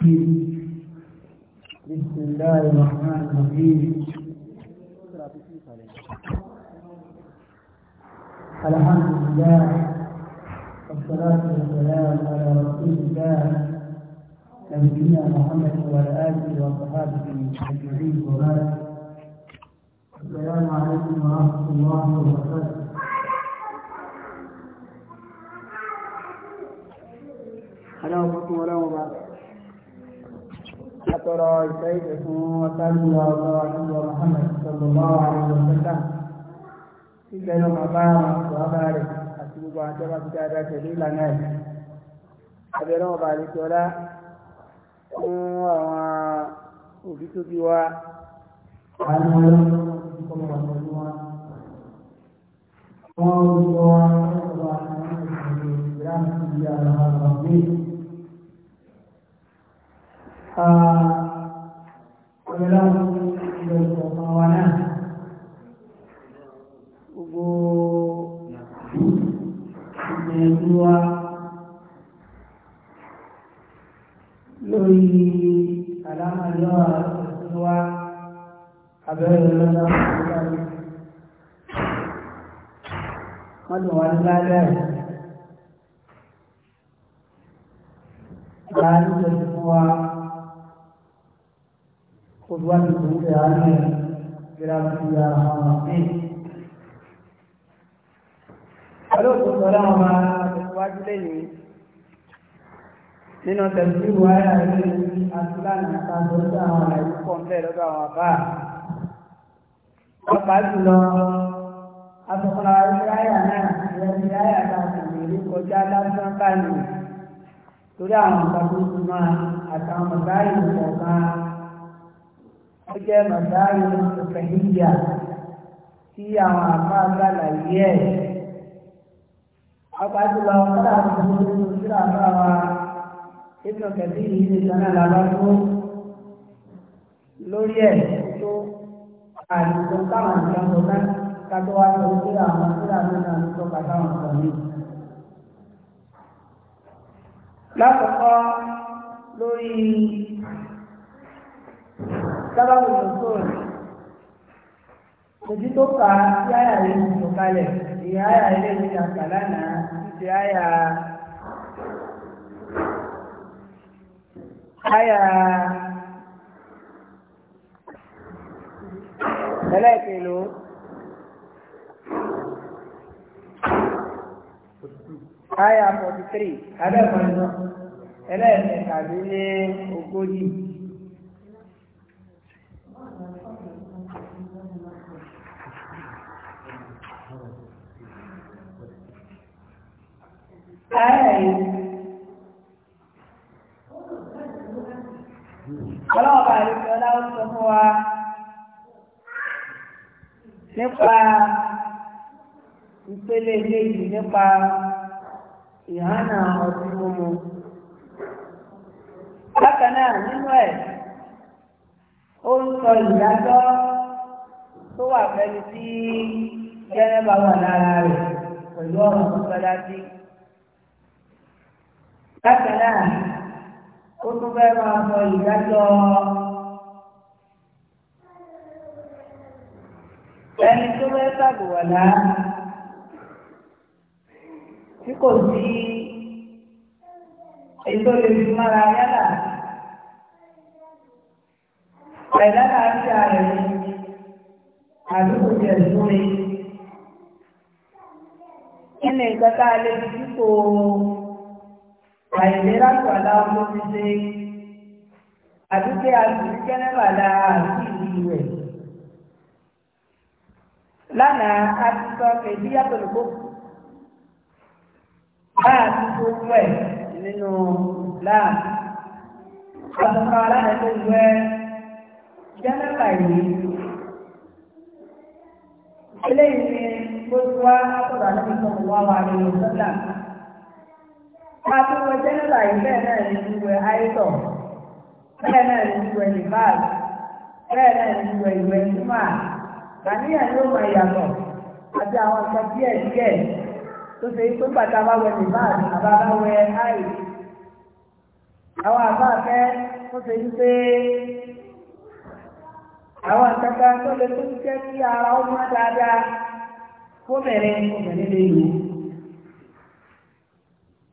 بسم الله الرحمن الرحيم الحمد لله والصلاة والسلام على رسول الله نبينا محمد وعلى آله وصحابه أجمعين وبارك السلام عليكم ورحمة الله وبركاته حلاوة ولا وبركاته atọ́rọ ìfẹ́ ìfẹ́ fún ọ̀sájú wa ọ̀sọ́wà nígbà Muhammad sallallahu alaihi wasallam ìgbẹ́ yóò máa bá àwọn àbá rẹ̀ àti gbogbo àwọn ìjọba ti dáadáa tẹ̀lé ìlànà ẹ̀ abẹ́rẹ́ ọba àlejòọ́lá fún àwọn òbí tó bí wa àwọn olùkọ́ wa pẹ̀lú wa àwọn olùkọ́ wa pẹ̀lú wa àwọn ìgbìyànjú ìyá àwọn àwọn ọ̀gbìn abẹ́lá ìlú ọ̀pọ̀ wa náà gbogbo ìgbìyànjú wa lórí àlámàlọ́ àtúntò wa abẹ́rẹ́ lọ́dọ̀ àwọn ọ̀gá wọ́n dùn wá ní ládàá wájú tó wúlẹ̀ àárẹ̀ gíráfíà àwọn míì. Ọlọ́pùn sọ́lá ọmọ àtẹ̀síwájú lẹ́yìn nínú tẹ̀síwájú ayà ilé àtúlànà àtàbọ̀ sí àwọn àìsí pọ̀ ń bẹ̀ lọ́dọ̀ àwọn àbá. Ọ̀pá jùlọ asọ̀kọ̀lá orí ayà náà ìrẹsì ayà àtàkùn ìlú kọjá lásán báyìí torí àwọn ìgbàgbọ́ ìgbìmọ̀ àtàwọn ọ̀gá ìlú kọ̀ọ̀kan ó jẹ́ màdáyé ìfẹ̀yìyà tí àwọn àmà gbàlàyé ẹ̀. Apájúlọ ọ̀pọ̀lọpọ̀ àwọn olùdókòwò sí àbá wa nínú kẹ̀lí yìí ní ìtàn náà lábá fún lórí ẹ̀ tó àìsàn táwọn àjọ tó ká kátó wá lọ sí àwọn síra náà ní tó kàtà wọn sọ ní. Lákọ̀ọ́kọ́ lórí sábàbù nùsùn ojú tó kà á sí àyà rẹ̀ ń sùn kalẹ̀ ìyá àyà ilé mi kà kà lánàá ti àyà àyà ẹlẹ́ẹ̀kẹ̀ló. Aya forty three, abẹ́ kan lọ, ẹlẹ́ẹ̀kẹ̀ta lé ní ogójì. ààrẹ ọlọ́ọ̀bà àríkẹ́ ọláwọ́ fún wa nípa ìpele nípa ìhánà ọdún mímu bákan nínú ẹ̀ ó ń sọ ìdájọ́ tó wà pẹ̀lú tí jẹ́rẹ́bà wà lára rẹ̀ pẹ̀lú ọ̀rọ̀ tó bákan náà ó tún fẹ́ máa sọ ìdájọ́ ẹni tó fẹ́ ṣàbùwọ̀lá tí kò sí ètò lè fi mára yálà ẹ̀dá náà ṣe ààrẹ àdúgbò jẹ̀ lórí. Kí ni ìgbà lè fi dípò àìlera pàlà ọmọ títí àdúgbò àdúgbò pàlà àti ìlú rẹ̀. lánàá a ti sọ kèdí àtòlùkò báà ti tó wẹ̀ nínú láà àtúnkọ aláàrẹ tó wẹ̀ jẹ́nẹ́fà yìí. eléyìí ni gbogbo wa látọ̀dọ̀ àlejò tó wà wà nínú sọ́dà. Ati wọ jẹ́nẹ́rà yìí bẹ́ẹ̀ náà ní ìwẹ̀ àìsọ̀ bẹ́ẹ̀ náà ní ìwẹ̀ nìbáàlì bẹ́ẹ̀ náà ní ìwẹ̀ ìwẹ̀ ìjùmọ̀ àníyàn ló mọ ìyàtọ̀ àti àwọn nǹkan díẹ̀ díẹ̀ tó ṣe pé bàtà bá wẹ nìbáàlì àì àwọn àbá tó ṣe pé àwọn nǹkan tó lè tó jẹ́ kí ara ó mọ́ dáadáa obìnrin lè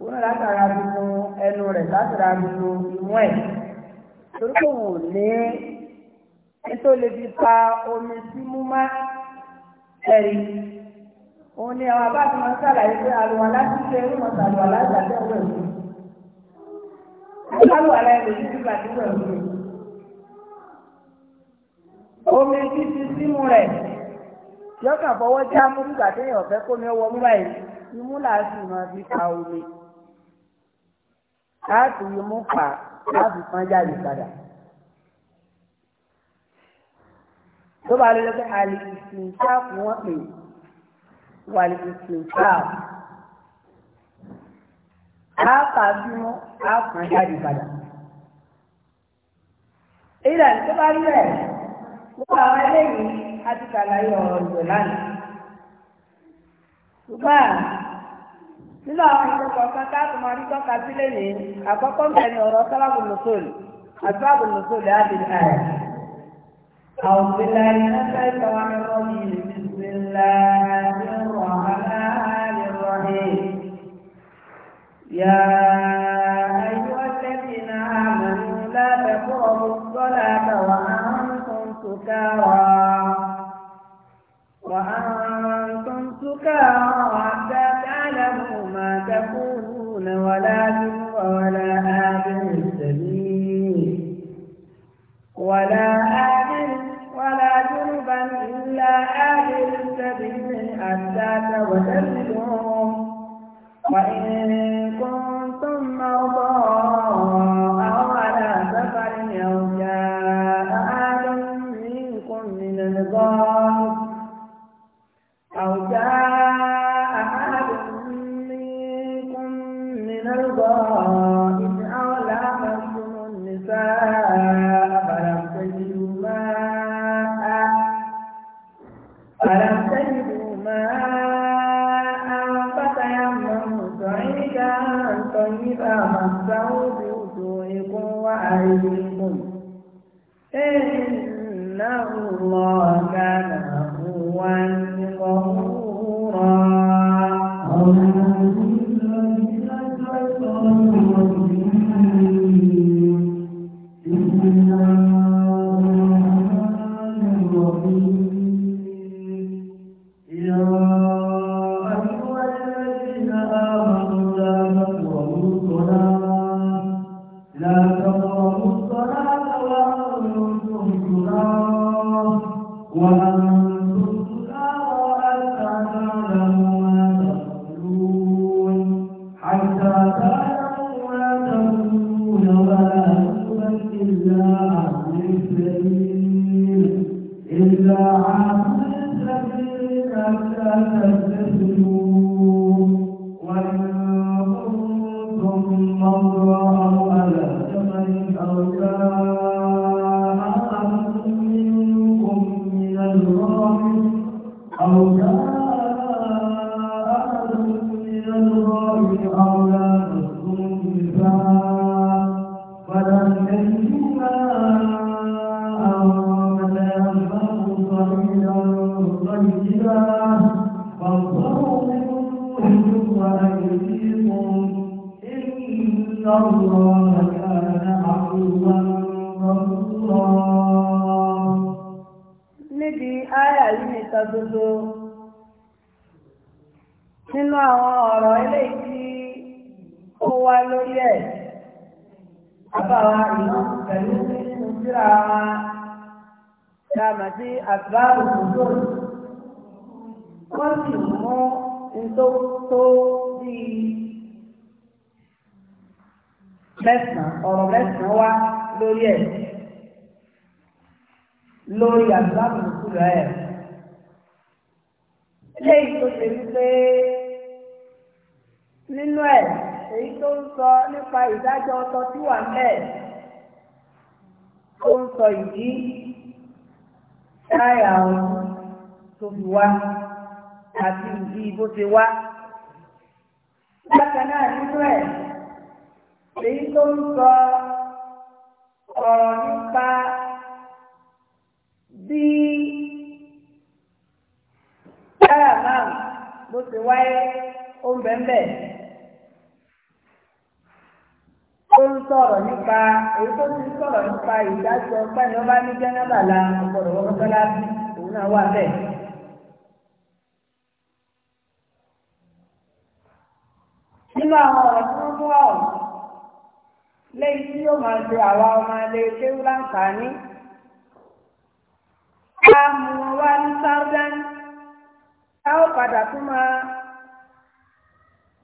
òun náà látara dunu ẹnu rẹ̀ látara dunu ìwọ̀n ẹ̀ torí pé òun ò ní lè fi pa omi sí mú má ẹ̀rí òun ni àwọn abáàtì máa ń ṣàlàyé pé àlùwà láti ṣe irú mọ̀ sàlùwà láti àtẹ̀wé ìlú àlùwà láti lè fi gbà nígbà ìlú omi títí símú rẹ̀ yọkàn fọwọ́ jámú nígbà téèyàn fẹ́ kómi ọwọ́ mú báyìí imú làásù máa fi ka omi láti yí mú pa láti pọ́n jáde padà. tó bá lọ́lọ́ pé àlìkìsì ìṣáàpù wọ́n pè wà àlìkìsì ìṣáàpù. Àápà bímọ àápà jáde padà. Ìlà tó bá rí rẹ̀ wọ́n àwọn eléyìí àti kàlàyé ọ̀rọ̀ ìgbẹ̀ lánàá. Ṣùgbọ́n nínú àwọn ìṣẹ̀kọ̀ kan káàtó máa rí tọ́ka sílẹ̀ ní àkọ́kọ́ mẹ́rin ọ̀rọ̀ sábàbù nùsọ̀lù àsábàbù nùsọ̀lù àbí àyà. أعوذ بالله من الشيطان الرجيم بسم الله الرحمن الرحيم يا أيها الذين آمنوا لا تقربوا الصلاة وأنتم سكارى وأنتم سكارى تكونون ولا جنب ولا آبر السبيل ولا آبر ولا جنبا إلا آبر السبيل حتى تغتسلوا وإن كنتم wa ìlú pẹ̀lú nínú síra wa ta mà sí àgbáàrò òjò wọ́n sì mú ntótó bíi mẹ́sàn-án ọ̀rọ̀ mẹ́sàn-án wá lórí ẹ̀ lórí àgbáàrò òjò ẹ̀ léyìí tó ṣe wípé nínú ẹ̀ èyí tó ń sọ nípa ìdájọ́ ọtọ tí wà ń bẹ̀ tó ń sọ ìdí táyà ọ̀hún tó fi wá àti ìdí bó ṣe wá. Bákan náà nínú ẹ̀, èyí tó ń sọ ọ̀rọ̀ nípa bí táyà máa bó ṣe wáyé ó ń bẹ́ẹ̀ bẹ́ẹ̀ ó ń sọ̀rọ̀ nípa èyí tó ti ń sọ̀rọ̀ nípa ìdájọ́ pẹ́ni ó bá ní jẹ́nẹ́bà la ọ̀pọ̀lọ̀ wọn mọ́sálásí òun náà wà bẹ́ẹ̀. nínú àwọn ọ̀rọ̀ tí wọ́n mú ọ̀hún léyìí tí yóò máa ṣe àwa ọmọ ilé kéwú láǹfààní ká mú wọn wá ní sáúdán ká padà tún máa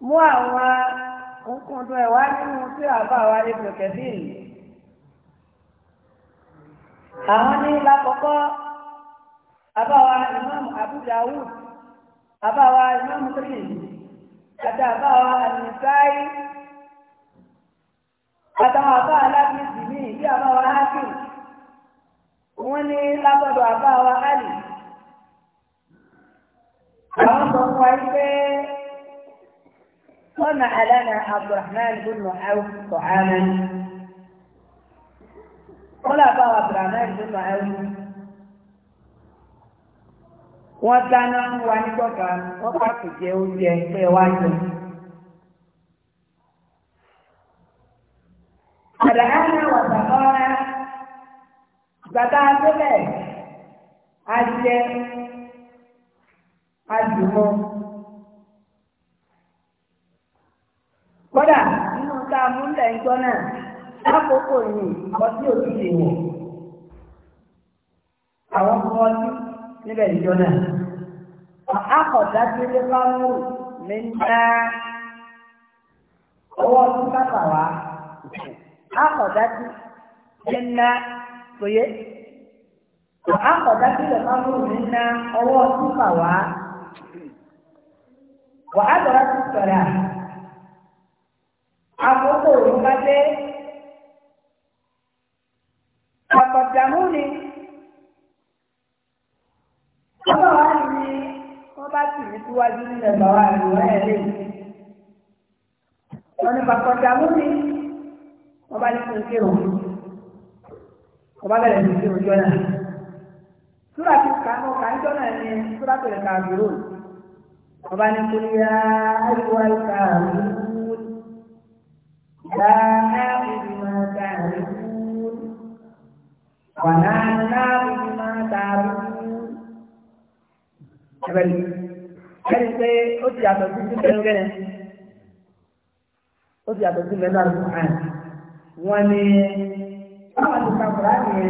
mú àwọn nǹkan tó ẹ̀ wá nínú tí àbá wa lè fi kẹ̀sí yìí. àwọn ní lákọ̀ọ́kọ́ àbá wa imam Abu Dawud àbá wa imam Tirmidhi àti àbá wa An-Nasa'i àtàwọn àbá alábìsì ní ìdí àbá wa Hakim wọ́n ní lábọ̀dọ̀ àbá wa Ali àwọn sọ fún wa pé. صنع لنا عبد الرحمن بن عوف طعاما ولا بقى عبد الرحمن بن عوف wọ́n dáná fún wa níjọ́ kan wọ́n bá kò jẹ oúnjẹ pé wá jẹ. àdáhánà wàtàkọ́rá gbàgbá agbébẹ̀ ajẹ adùnmọ́. kódà nínú mú lẹ̀ ń gbọ́ náà lákòókò ní ọtí òbí lè wọ̀ àwọn ọmọ ọtí níbẹ̀ ìjọ náà akọ̀dá tí lè bá mú mi ń dá ọtí wá àkókò òun bá dé àpàdánù ni ọba wa ni wọn bá sì ní síwájú nílẹ̀ bàbá àlùwá ẹ̀ lè wọn ni pàpàdánù ni wọn bá ní kí n kírun wọn bá bẹ̀rẹ̀ sí kírun jọ náà súrà tí kàánú kàánjọ náà ni súrà tó lè kàá dúró wọn bá ní kúrú yá ayélujára kàá لا بما تعرفون ولا لا بما تعرفون أبدا ẹni pé ó ti yàtọ̀ sí sí mẹ́rin gẹ́gẹ́ ó ti yàtọ̀ sí mẹ́rin àrùn àn wọ́n ní báwọn ti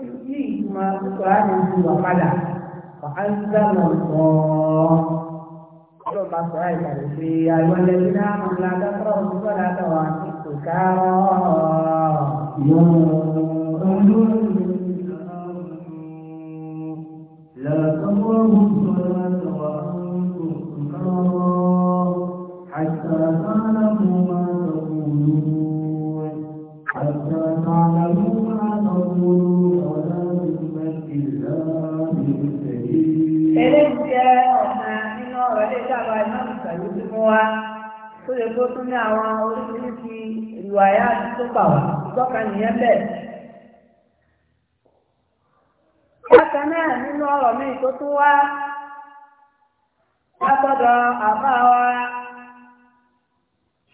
ti yí ìtumọ̀ kura nìyẹn ti padà wà á ń dáná lọ́ọ́ ọlọ́run bá sọ̀rọ̀ ìkàlẹ̀ pé àyọ̀lẹ̀ iná ńlá dákọ̀rọ̀ òṣùpá látàwọn àti kòkárọ̀. yóò bà wá tọ́ka nìyẹn bẹ́ẹ̀. bákan náà nínú ọ̀rọ̀ mi tó tún wá látọ̀dọ̀ àbá wa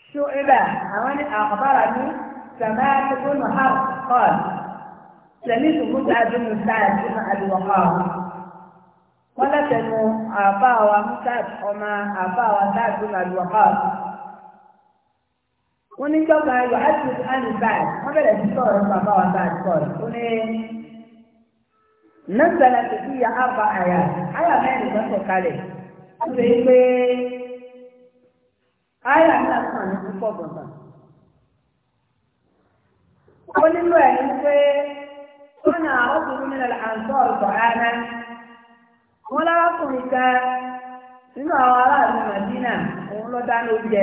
ṣó ibà àwọn ní àkọ́bára ní sàmáà tó gbóná hàn kọ́ọ̀lù. سميت موسى بن سعد بن ابي وقاص ولكن ابا وموسى وما ابا وسعد بن ابي وقاص wọ́n ní gbọ́gbà ayọ̀ àti àmì báyìí wọ́n bẹ̀rẹ̀ sí sọ̀rọ̀ nípa báwa bá sọ̀rọ̀ ó ní ya àbá àyà àyà mẹ́rin lọ́sọ̀ kalẹ̀ ó ṣe é pé àyà náà kàn ní púpọ̀ gbọ̀ngàn. ó nílò ẹ̀ pé wọ́n na ọkùnrin mi lọ́la ara wọ́n lárakùnrin kan nínú àwọn aráàlú Màdínà òun dáná oúnjẹ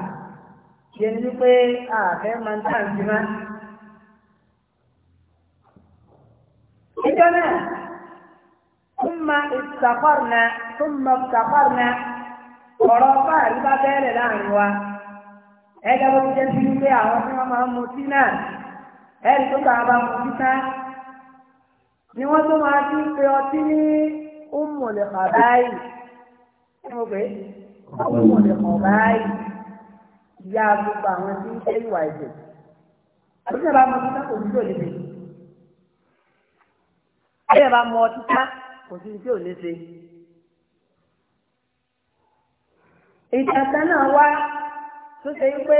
yẹn ni pé àfẹ́ máa ń tà ń jìnnà. ìjọ náà túmọ̀ ìtàkọ́rùnà túmọ̀ ìtàkọ́rùnà ọ̀rọ̀ fáàrí bá bẹ́ẹ̀rẹ̀ láàrin wa. ẹgbẹ́ bó ti jẹ́ sí pé àwọn tí wọ́n máa ń mutí náà ẹ̀rí tó kà á bá mutí ká ni wọ́n tó máa ti pe ọtí ní umul khaba'i. ẹ mọ̀ pé umul khaba'i ìyá gbogbo àwọn tí ń fẹ́ ìwà ẹ̀jẹ̀ àbúrò bá mọ títà kò nílò lè ṣe àbúrò bá mọ títà kò sí tí ò lè ṣe. ìtàkà náà wá tó ṣe pé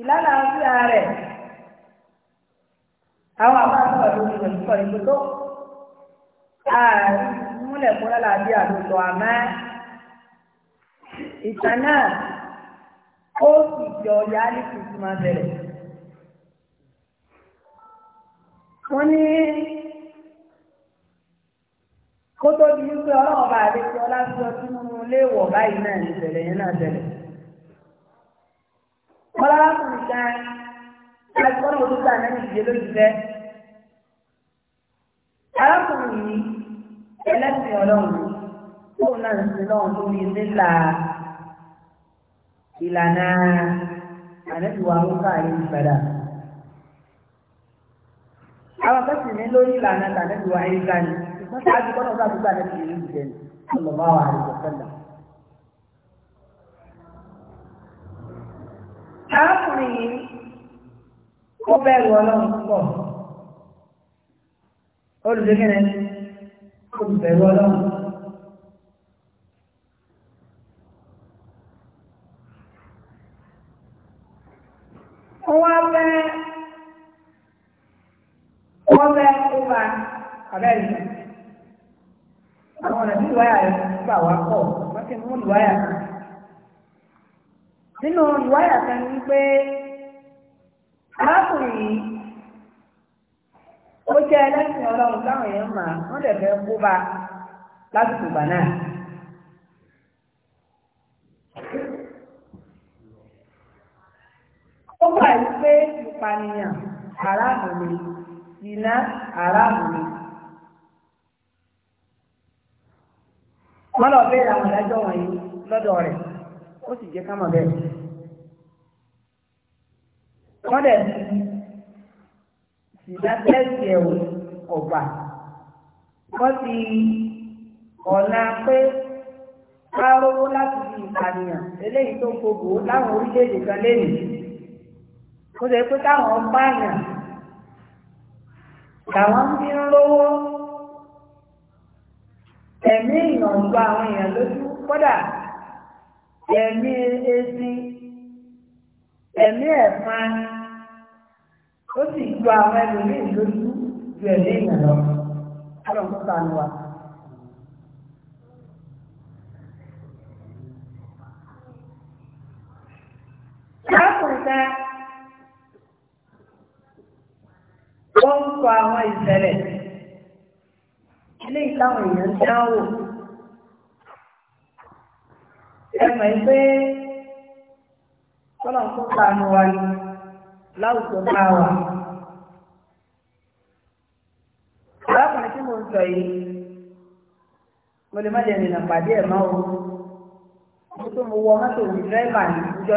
ìlàlàáfíà rẹ̀ àwọn àwọn àbúrò lórí rẹ̀ ń pọ̀ nígbò tó ààrùn múlẹ̀ fún lálàáfíà ló àmọ́ ìtàn náà. ó sì jọ ọ̀yá ní kùsùmá wọ́n ní kó tó di wípé ọlọ́run bá àdé tí ọlá sọ lé wọ̀ báyìí náà ní ìṣẹ̀lẹ̀ yẹn náà tẹ̀lẹ̀. ọlọ́run kan láti kọ́nà ojú tí àná nìyí lójú fẹ́. arákùnrin yìí ẹlẹ́sìn ọlọ́run tóun náà ń sin náà ìlànà ànẹ́tùwà mọ́ká yìí padà. Àwọn akẹ́sì ní lórí ìlànà ànẹ́tùwà yìí ká ní. Ìgbọ́n tí a ti gbọ́dọ̀ bá gbogbo ànẹ́tùwà yìí jẹ ní ọlọ́mọ àwọn àrùn ìjọsọ́lá. Arákùnrin ọwọ́ abẹ́ ọwọ́ ọba àwọn ọ̀nà waya ìwáyà gbà wá pọ̀ wọ́n ti mú ìwáyà kan nínú ìwáyà kan ní pé arákùnrin yìí ó jẹ́ ẹlẹ́sìn ọlọ́run táwọn èèyàn mà wọ́n dẹ̀ fẹ́ kó bá lásìkò ó gbà wípé ìpànìyàn aráàlú ni ìná wọ́n lọ bẹ́ẹ̀ àwọn ìdájọ́ wọ̀nyí lọ́dọ̀ rẹ̀ ó sì jẹ́ kámọ̀ bẹ́ẹ̀. wọ́n dẹ̀ sì dá tẹ́sí ẹ̀wò ọ̀gbà wọ́n ti ọ̀nà pé ká láti fi ìpànìyàn eléyìí tó láwọn orílẹ̀-èdè kan ó lè pé káwọn pààyàn làwọn fi ń lówó ẹ̀mí èèyàn gba àwọn èèyàn lójú kódà ẹ̀mí ezi ẹ̀mí ẹ̀fọn ó sì ju àwọn ẹlòmíì lójú ju ẹ̀mí èèyàn lọ ọlọ́run tó sànù wa. Káàkùn wọ́n ń kọ àwọn ìṣẹ̀lẹ̀ ilé ìtawọn èèyàn dáwò ẹ mọ̀ pé kọ́nà wa ni láwùjọ bá wà. tí mo ń sọ yìí mo lè má jẹ ìrìnà pàdé ẹ̀ máa mo tó mo wọ mọ́tò ní ìjọ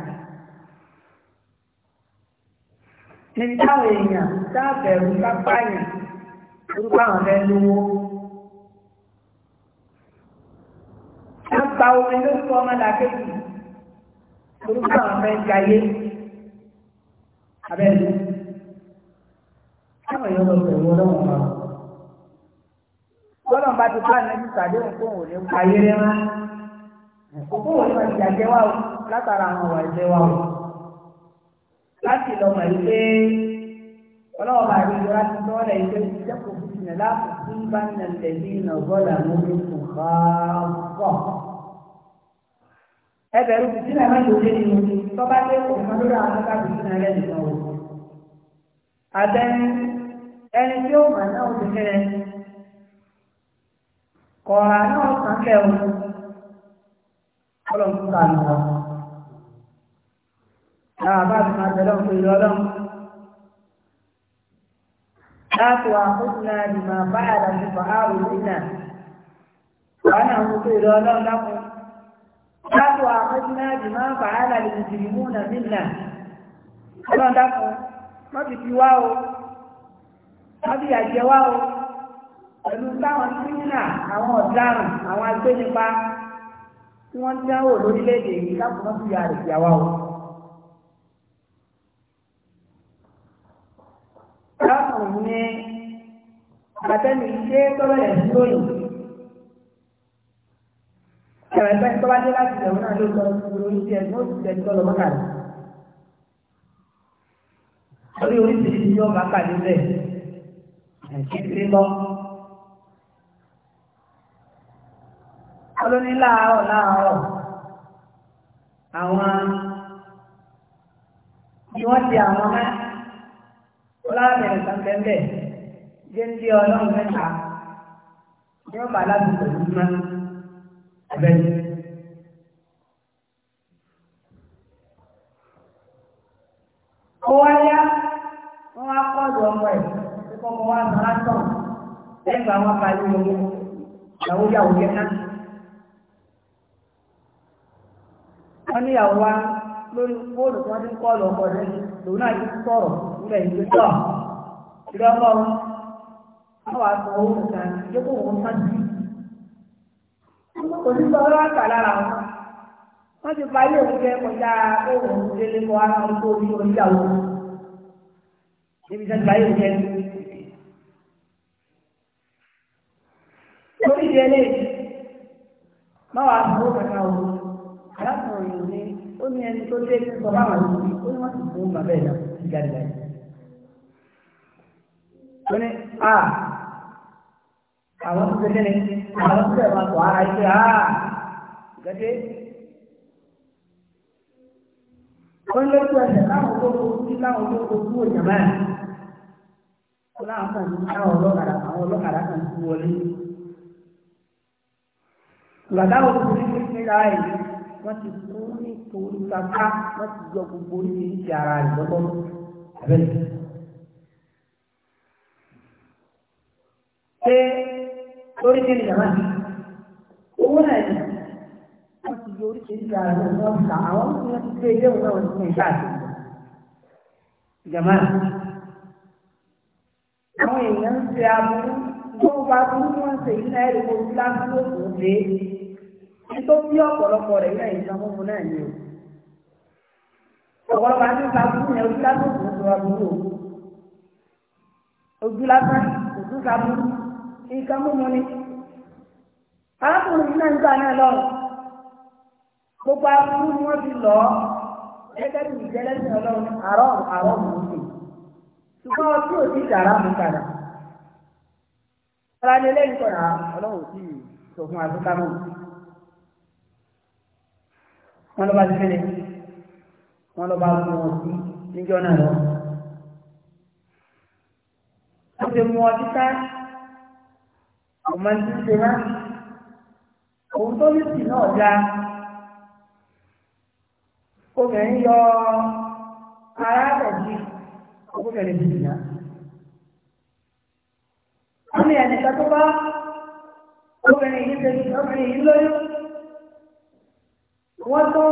níbi táwọn èèyàn dáàbẹ̀rù lápáyàn orúkọ àwọn ẹ lówó. wọ́n gba omi lórúkọ ọmọlàkejì orúkọ àwọn ẹ jayé abẹ́lú. táwọn èèyàn lọ bẹ̀rù ọlọ́wọ́n wa. gbọ́dọ̀ bá ti bá ẹni tàbí òǹkó òun ní ayé rẹ̀ rán. òǹkó òun ní ọjà jẹ́ látara àwọn ọ̀rọ̀ ẹ̀jẹ̀ láti lọ mọ̀ wípé ọlọ́wọ́ bá rí ìjọra ti tọ́ ọ̀rẹ́ ìjọ ìjẹ́kọ̀ọ́ fún mi láti fún bá ń nà tẹ̀lé ìnà bọ́ọ̀lù àmúlò kò kọ́ ẹbẹ̀rù bìtì náà máa ń lòdì nínú tọ́ba lé òun lórí àwọn ọ̀gá bìtì náà lẹ́nu náà wò. àbẹ́ni ẹni tí ó mà náà ti fẹ́ kọ̀ọ̀rà náà sàn kẹ́ òun ọlọ́run tó kà nù wọn láwọn bá fi máa tẹ̀lé òfin lọ́lọ́m láti wà fúnná ni máa bá àdá ti fà á wò sínà wọn àwọn òfin lọ́lọ́m lákùn láti wà fúnná ni máa bá àdá lè jìrì mú nà sínà ọlọ́run dákun wọ́n ti fi wá wọ́n ti yàjẹ́ wá pẹ̀lú táwọn kírímìnà àwọn ọ̀daràn àwọn agbénipa tí wọ́n ń dáwò lórílẹ̀‐èdè yìí lákùnrin fi àrètí àwa o. káàkùn ní àtẹ́nu iṣẹ́ tó bẹ̀rẹ̀ sí lóyìn ẹ̀rọ ẹgbẹ́ tó bá dé láti ìjọba náà ló lọ sí orí iṣẹ́ ẹ̀gbọ́n òṣìṣẹ́ tó lọ mọ́kàlá orí oríṣiríṣi yóò bá kàdé bẹ́ẹ̀ ẹ̀kíkiri lọ. olóní láàárọ̀ láàárọ̀ àwọn ni wọ́n ti àwọn náà ọlọ́run kan tẹ́ńbẹ̀ jẹ́ ń di ọlọ́run mẹ́ta yóò bá aládùúgbò yìí má abẹ́lé. ó wá yá wọ́n wá kọ́ọ̀dù ọmọ ẹ̀ tó kọ́ ọmọ wa sọ látọ̀ lẹ́gbàá wọn bá yí owó ìyàwó yàwó yẹn náà. wọ́n níyàwó wa lórí fóònù tí wọ́n ti ń kọ́ọ̀lù ọkọ̀ rẹ̀ lòun náà ti sọ̀rọ̀ fẹ́ ìgbé tọ́ ìrọ́pọ̀ àwọn àgbà owó wọ́n ti parí òun jẹ́ máa wà fún owó kankan o alákùnrin ní ó ní ẹni tó dé sọ báwọn àti ó ní wọ́n sì fún bàbá ó ní à ah, àwọn tó ṣe kí ni àwọn tó ṣe máa tọ̀ ara yìí pé à ah, gẹ́gẹ́ ó ní lójú ẹsẹ̀ láwọn tó kó sí láwọn tó kó kúrò jàmbá yà ó láwọn kan ní àwọn ọlọ́kadà àwọn ọlọ́kadà kan ti wọlé gbàdáwò tó ní nílá ẹ̀ wọ́n ti kú nítorí kápá wọ́n ti yọ gbogbo oríṣiríṣi ara rẹ̀ lọ́gbọ́n pé lóríṣiríṣi ìjàmbá ni owó náà ni wọ́n ti di oríṣiríṣi ààrẹ wọn ta àwọn tí wọ́n ti gbé ilé òun náà wọ́n ti pín káàkiri ìjàmbá ni. àwọn èèyàn ń ṣe aburú tó bá burú tí wọ́n ń ṣe yìí náà ẹ̀rọ ojú lásán ló kò dé nítorí bí ọ̀pọ̀lọpọ̀ rẹ̀ yóò ẹ̀yìn sanwó fún náà ni o. ọ̀pọ̀lọpọ̀ àti ìsàkúrú yẹn ojú lásán kò ń sọ aburú ojú lásán kò tún sàbúrú nǹkan mímu ni arákùnrin náà ń gbà náà lọ́rùn gbogbo aburú ni wọ́n ti lọ́ gẹ́gẹ́ bí ìjẹ́lẹ́sìn ọlọ́run àárọ̀ àárọ̀ mò ń sìn ṣùgbọ́n ọtí ò sí dàrá mú padà ara ni eléyìí kọ̀ náà ọlọ́run sì sọ fún àtúntà mọ́ wọn lọ bá ti fẹ́lẹ̀ wọn lọ bá mú wọn sí níjọ́ náà lọ. wọ́n ti mú ọtí ká kò máa ń ṣe má òun tó ní sì náà dáa obìnrin yọ ara rẹ̀ jí obìnrin ti dìnnà wọ́n ní ẹnìkan tó bá obìnrin yìí ṣe obìnrin yìí lóyún wọ́n tó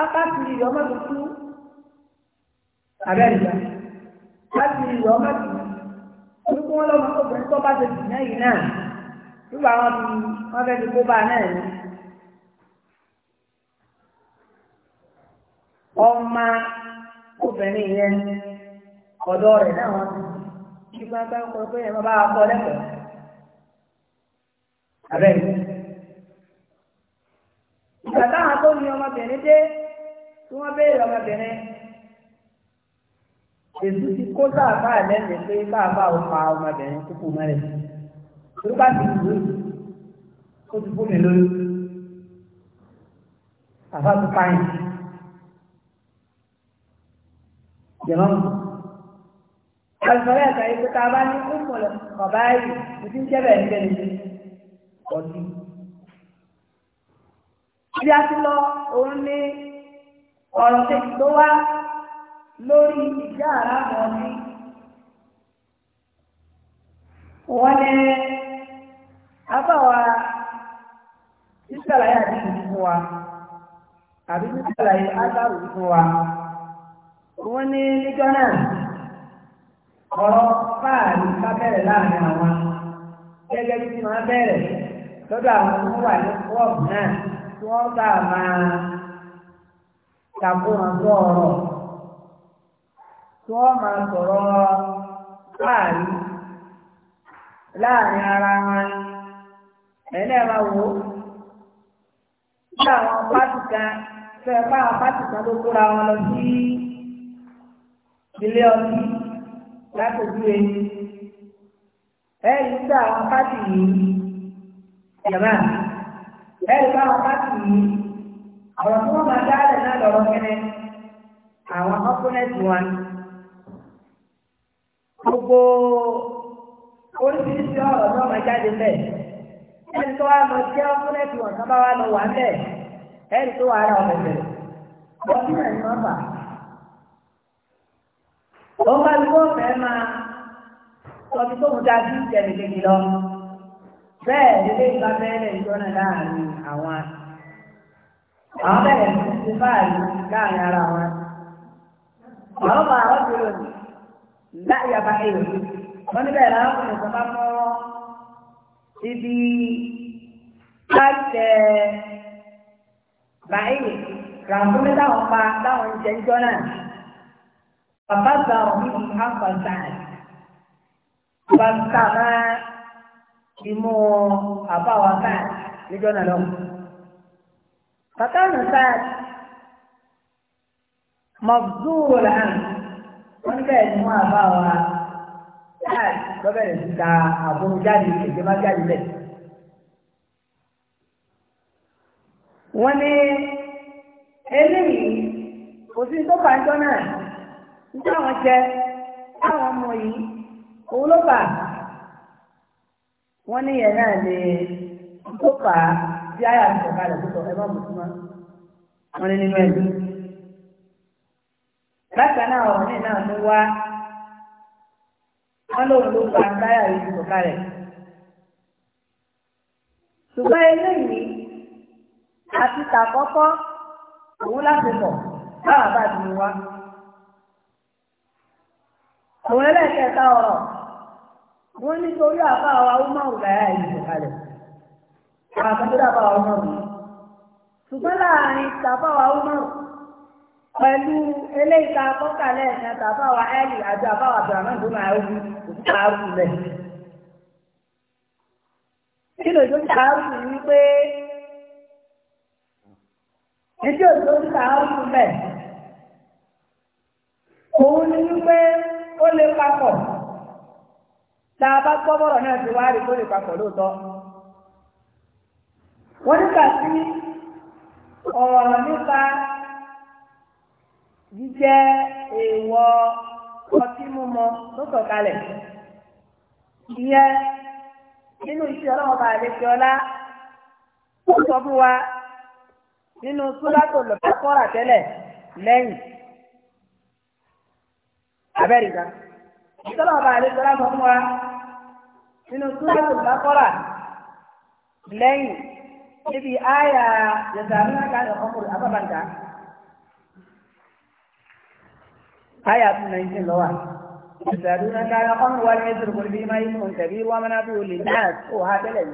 ápáàtì ìyọ́mọ́ tuntun àbẹ́rẹ́ láti ìyọ́mọ́ orúkọ wọn lọ́mọ tó bẹ̀rẹ̀ tó bá ṣe jù náà yìí náà nígbà wọn bí wọn fẹ́ fi kó bá náà ní. ọmọ obìnrin yẹn ọ̀dọ́ rẹ̀ náà wọn ti bá bá ń kọ́ pé ẹ̀ bá a kọ́ lẹ́kọ̀ọ́. abẹ́rẹ́ ìgbà táwọn tó ọmọbìnrin dé tí wọ́n béèrè ọmọbìnrin èsì ti kó sáàbà lẹ́nu pé sáàbà ó pa ọmọbìnrin kúkú mẹ́rin tó bá ti wù ú ó ti fún mi lórí àfa tó káyìn jẹ̀mọ́ ọ̀sọ̀rọ̀ ẹ̀ka yìí pé tá a bá ní kúkú lọ bàbá yìí kò sí jẹ́ bẹ́ẹ̀ níbẹ̀ níbi ọdún. ibi a ti lọ òun ní ọ̀rọ̀ tó wá. lórí ìjà àràbọ̀ ní. wọ́n ní abáwa ìṣàlàyé fún wa àbí ìṣàlàyé ágbàrú fún wa. wọ́n ní níjọ́ náà ọ̀rọ̀ fáàrí ká láàrin àwọn gẹ́gẹ́ bí wọ́n bẹ̀rẹ̀ lọ́dọ̀ àwọn tó wà ní kúọ̀bù náà tí wọ́n bá máa sọ tí wọ́n máa sọ̀rọ̀ láàrin láàrin ara wọn ẹ̀yin náà máa wò ó bí àwọn pátì kan fẹ́ bá àwọn pátì kan tó kóra wọn lọ sí ilé ọtí látòjú ẹni ẹ̀yin tí àwọn pátì yìí yàrá ẹ̀yin tí àwọn pátì yìí ọ̀rọ̀ tí wọ́n máa dá rẹ̀ náà lọ́rọ̀ kẹ́nẹ́ àwọn ọ́pọ́nẹ́tì wọn. gbogbo oríṣiríṣi ọ̀rọ̀ náà máa jáde mẹ́ ẹni tó wá lọ jẹ́ ọ́fúnẹ́tì wọn sábà wá lọ wà mẹ́ ẹni tó wà ara ọmọ ẹ̀bẹ̀ ọdún náà ni bá máa sí ìjẹ̀lẹ̀ lọ bẹ́ẹ̀ ìgbà àwọn àwọn bẹ̀rẹ̀ ti ara wọn àwọn bá àwọn ní. láyà bá yẹ wọn níbẹ̀ làwọn ọ̀sán bá mọ́ ibi láṣẹ báyìí ràǹkúmí táwọn pa táwọn jẹ ń jọ náà bàbá gba òun ní àpàtà bàbá ká máa ìmú àbáwá káà níjọ náà lọ. bàtà nù sáà mọ̀gbúrò làǹkú wọ́n bẹ́ẹ̀ ni wọ́n àbá wa láì lọ́bẹ̀rẹ̀ sí ta àbúrò jáde èdè má jáde lẹ̀. wọ́n ní eléyìí kò sí tó bá ń tọ́ náà nígbà wọn jẹ táwọn ọmọ yìí òun ló bà wọ́n ní yẹn náà lè tó fà á bí àyà ń sọ̀kalẹ̀ tó sọ ẹ má mọ̀ sí wọn. wọ́n ní nínú ẹ̀dùn bákan náà ọ̀rọ̀ náà náà mú wá wọn lóun ló pa táyà yìí sọ kalẹ̀ ṣùgbọ́n eléyìí àti tàkọ́kọ́ òun láti mọ̀ báwa bá ti mú wá àwọn ẹlẹ́kẹ̀ẹ́ta ọ̀rọ̀ wọ́n nítorí àbá wa ó máa wù láyà yìí sọ kalẹ̀ àwọn àbúrò àbá wa ó máa ṣùgbọ́n láàrin tàbá wa ó máa wù pẹ̀lú eléyìí tá a ẹ̀sìn àtàfáwà ẹ́lì àti àfáwà abdulhamid tó máa rú òkú àrùn rẹ̀. kí ló tó ń ta àrùn ní wípé ẹjí ò tó ń ta àrùn rẹ̀ òun ni wípé ó lè papọ̀ tá a bá gbọ́ bọ́rọ̀ náà ti wá kó lè papọ̀ lóòótọ́. wọ́n nígbà tí ọ̀rọ̀ nípa. jíjẹ́ èèwọ̀ ọtí mímọ ló sọ̀kalẹ̀ ìyẹn nínú iṣẹ́ ọlọ́run bá àlejò ọlá ó sọ fún wa nínú bá àlejò ọlá sọ fún wa nínú níbi àyà آية 19 لوحة يسألونك عن الخمر والميسر قل فيما اسم كبير ومنافع للناس وهذا الذي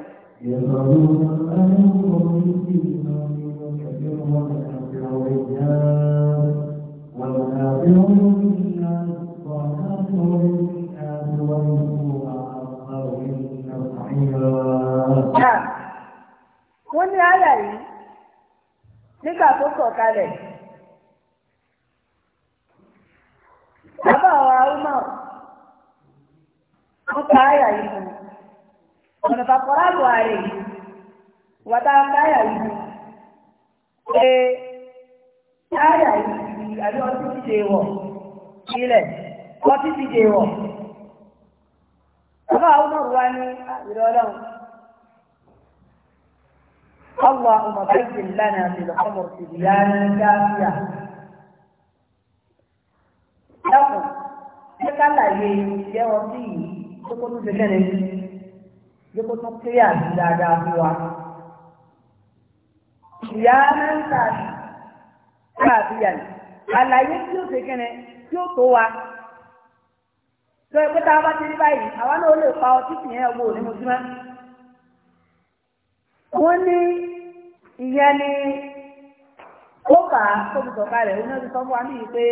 wọ́n ní àyà yìí nígbà tó sọ̀kalẹ̀ àwa umar wọ́n ka àyà yìí fún ọ̀nà fàkọ́rọ́ àbọ̀ ààrẹ yìí wọ́n ta ka àyà yìí fún pé àyà yìí àbí ọtí ti dè wọ̀ sílẹ̀ ọtí ti dè wọ̀ ọba umar wa ní ìrọ̀lọ́run. اللهم بين لنا في الخمر سبيانا كافيا kálàyé ìjẹ́ ọtí yìí tó kó tún ṣe kẹ́ni yóò kó tún kílíà sí dáadáa fún wa. ìyá mẹ́ta káà fi yà ní àlàyé tí ó ṣe kẹ́ni tí ó tó wa. tó ẹ pé tá a bá ti rí báyìí àwa náà ó lè pa ọtí tì yẹn ọgbọ́n òní mo sí mọ́. wọ́n ní ìyẹn ni ó kà á tóbi sọ̀kalẹ̀ ó náà sọ fún wa níyì pé.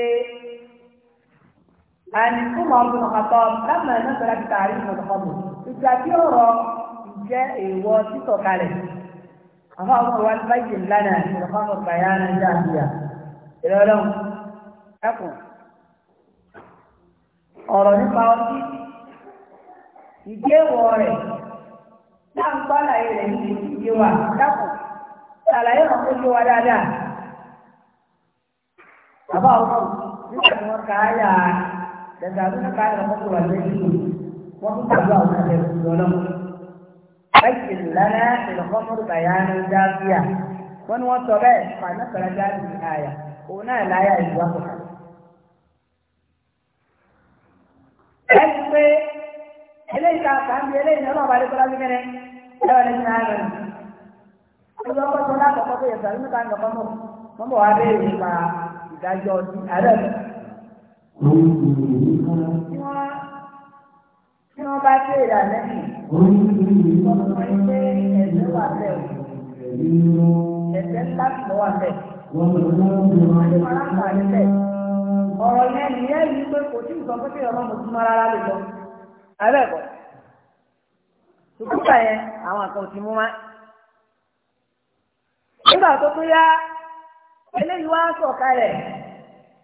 عن عمر بن الخطاب لما نزل بتعريف التخمر تذكر جاء واسطة عليه أما عمر والبين لنا الخمر بيانا جاهيا إلى لهم أقول ọ̀rọ̀ nípa ọtí ìgbéwọ̀ rẹ̀ náà ń gbọ́láyé rẹ̀ ní ìdíje wa dákùn ṣàlàyé wọn tó yé wa dáadáa bàbá ọmọ nígbà tí wọ́n kà á yà á dẹ̀dà àdúgbò káyọ̀ lọ́kọ́ tó wà lẹ́yìn ìlú wọ́n tún tàbí àwọn ẹ̀rẹ́ ìlú lọ́nà. báyìí lánà ìlọ́kọ́ mọ́tò bàyá ní dáfíà wọ́n ní wọ́n sọ bẹ́ẹ̀ fàánà kọ̀ọ̀rọ̀ dáàbì àyà òun náà láyà ìlú àkọ́kọ́. ẹ̀sìn pé eléyìí ká kàmbi eléyìí náà bá dé kọ́lá gbẹ́rẹ́ ẹ̀rọ ní sinayẹ̀rọ̀ ní. ọlọ́kọ́ tó lákọ̀ọ́kọ́ tó yẹ Tí wọ́n bá tẹ̀ ìrà lẹ́yìn, wọ́n mọ ilé ẹ̀sẹ̀ wà bẹ́ẹ̀ o. Ẹ̀sẹ̀ ńlá kò wà bẹ́ẹ̀. Wọ́n mọ aláǹfààní bẹ́ẹ̀. Ọ̀rọ̀ yẹn nìyẹn yìí pé kò tí nǹkan pépé ọmọ mùsùlùmọ́ rárá lè lọ. Àbẹ̀bọ̀. Sùkúta yẹn wá. Nígbà sọ̀kalẹ̀.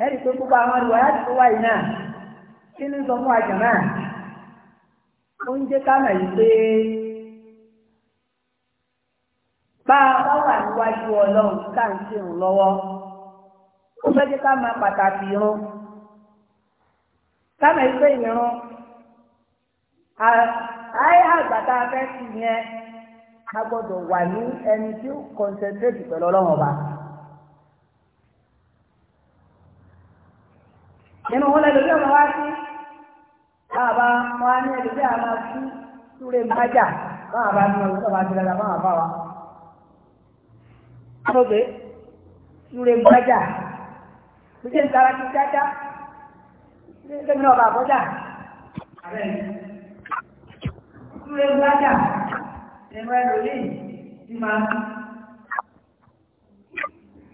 lẹ́yìn pé gbogbo àwọn ìwà láti tó wáyé náà kí ni sọ fún ó ń jẹ́ yìí pé bá a bá wà níwájú ọlọ́run ká ń ṣe òun lọ́wọ́ ó fẹ́ jẹ́ ká máa pàtàkì irun ká yìí pé ìrun àgbàtà sí yẹn a gbọ́dọ̀ wà ní ẹni tí ó pẹ̀lú ọba. nínú wọn lẹ́nu ọmọ wá sí bàbá wọn ní ẹni bí àwọn sí súre májà báwọn bá ní ọdún tọ́ba jìnnà báwọn bá wa. Àtọ́gbé súre májà bí ṣe ń tara kí kíákíá ṣe ń tẹ́mi náà bá májà ẹ̀rọ ẹlòmíì ti máa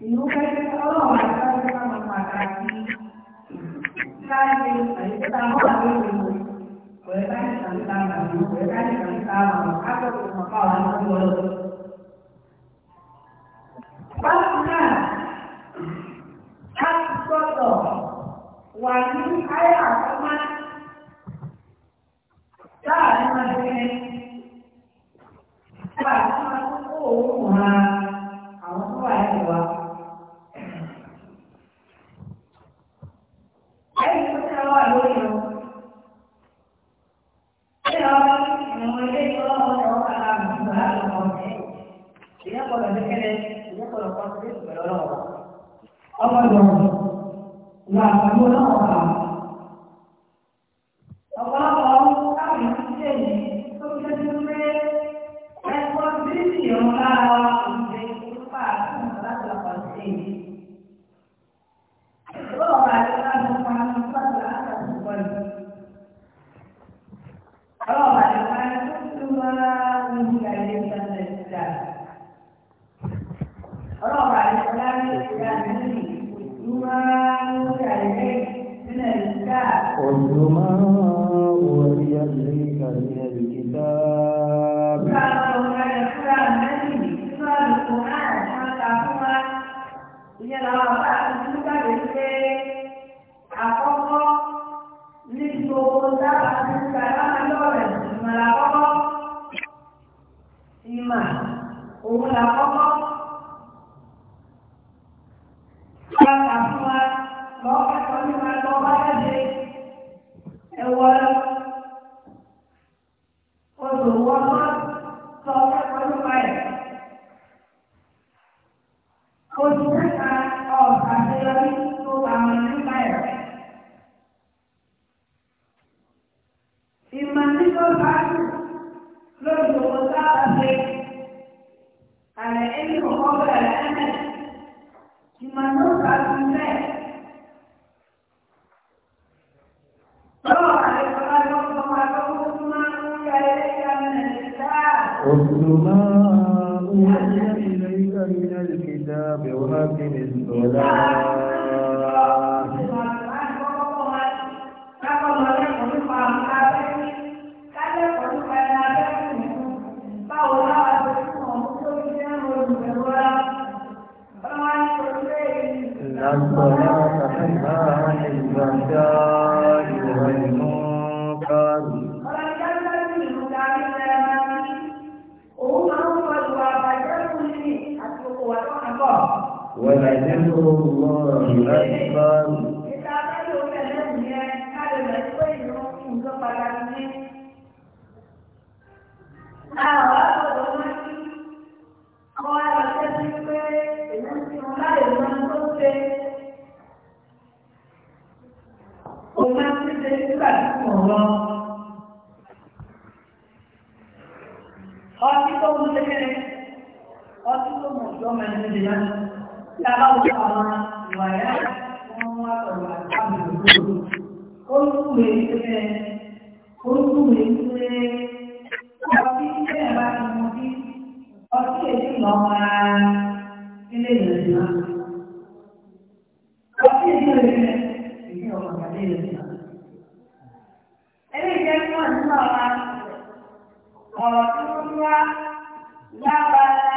ìlú kẹ́kẹ́ ọlọ́run àti ọlọ́run máa ń pàtàkì. 现在是每天三块五，每单是三块五，每单是三块五，他就是搞完之后，他是呢，他说的，晚点开啊，好吗？第二天，对吧？他不不管。Nah, kamu tahu ولذكر الله أكبر Ọdún tó ń ṣe kẹrẹ يوم ọ̀rọ̀ tí wọ́n wá lábala.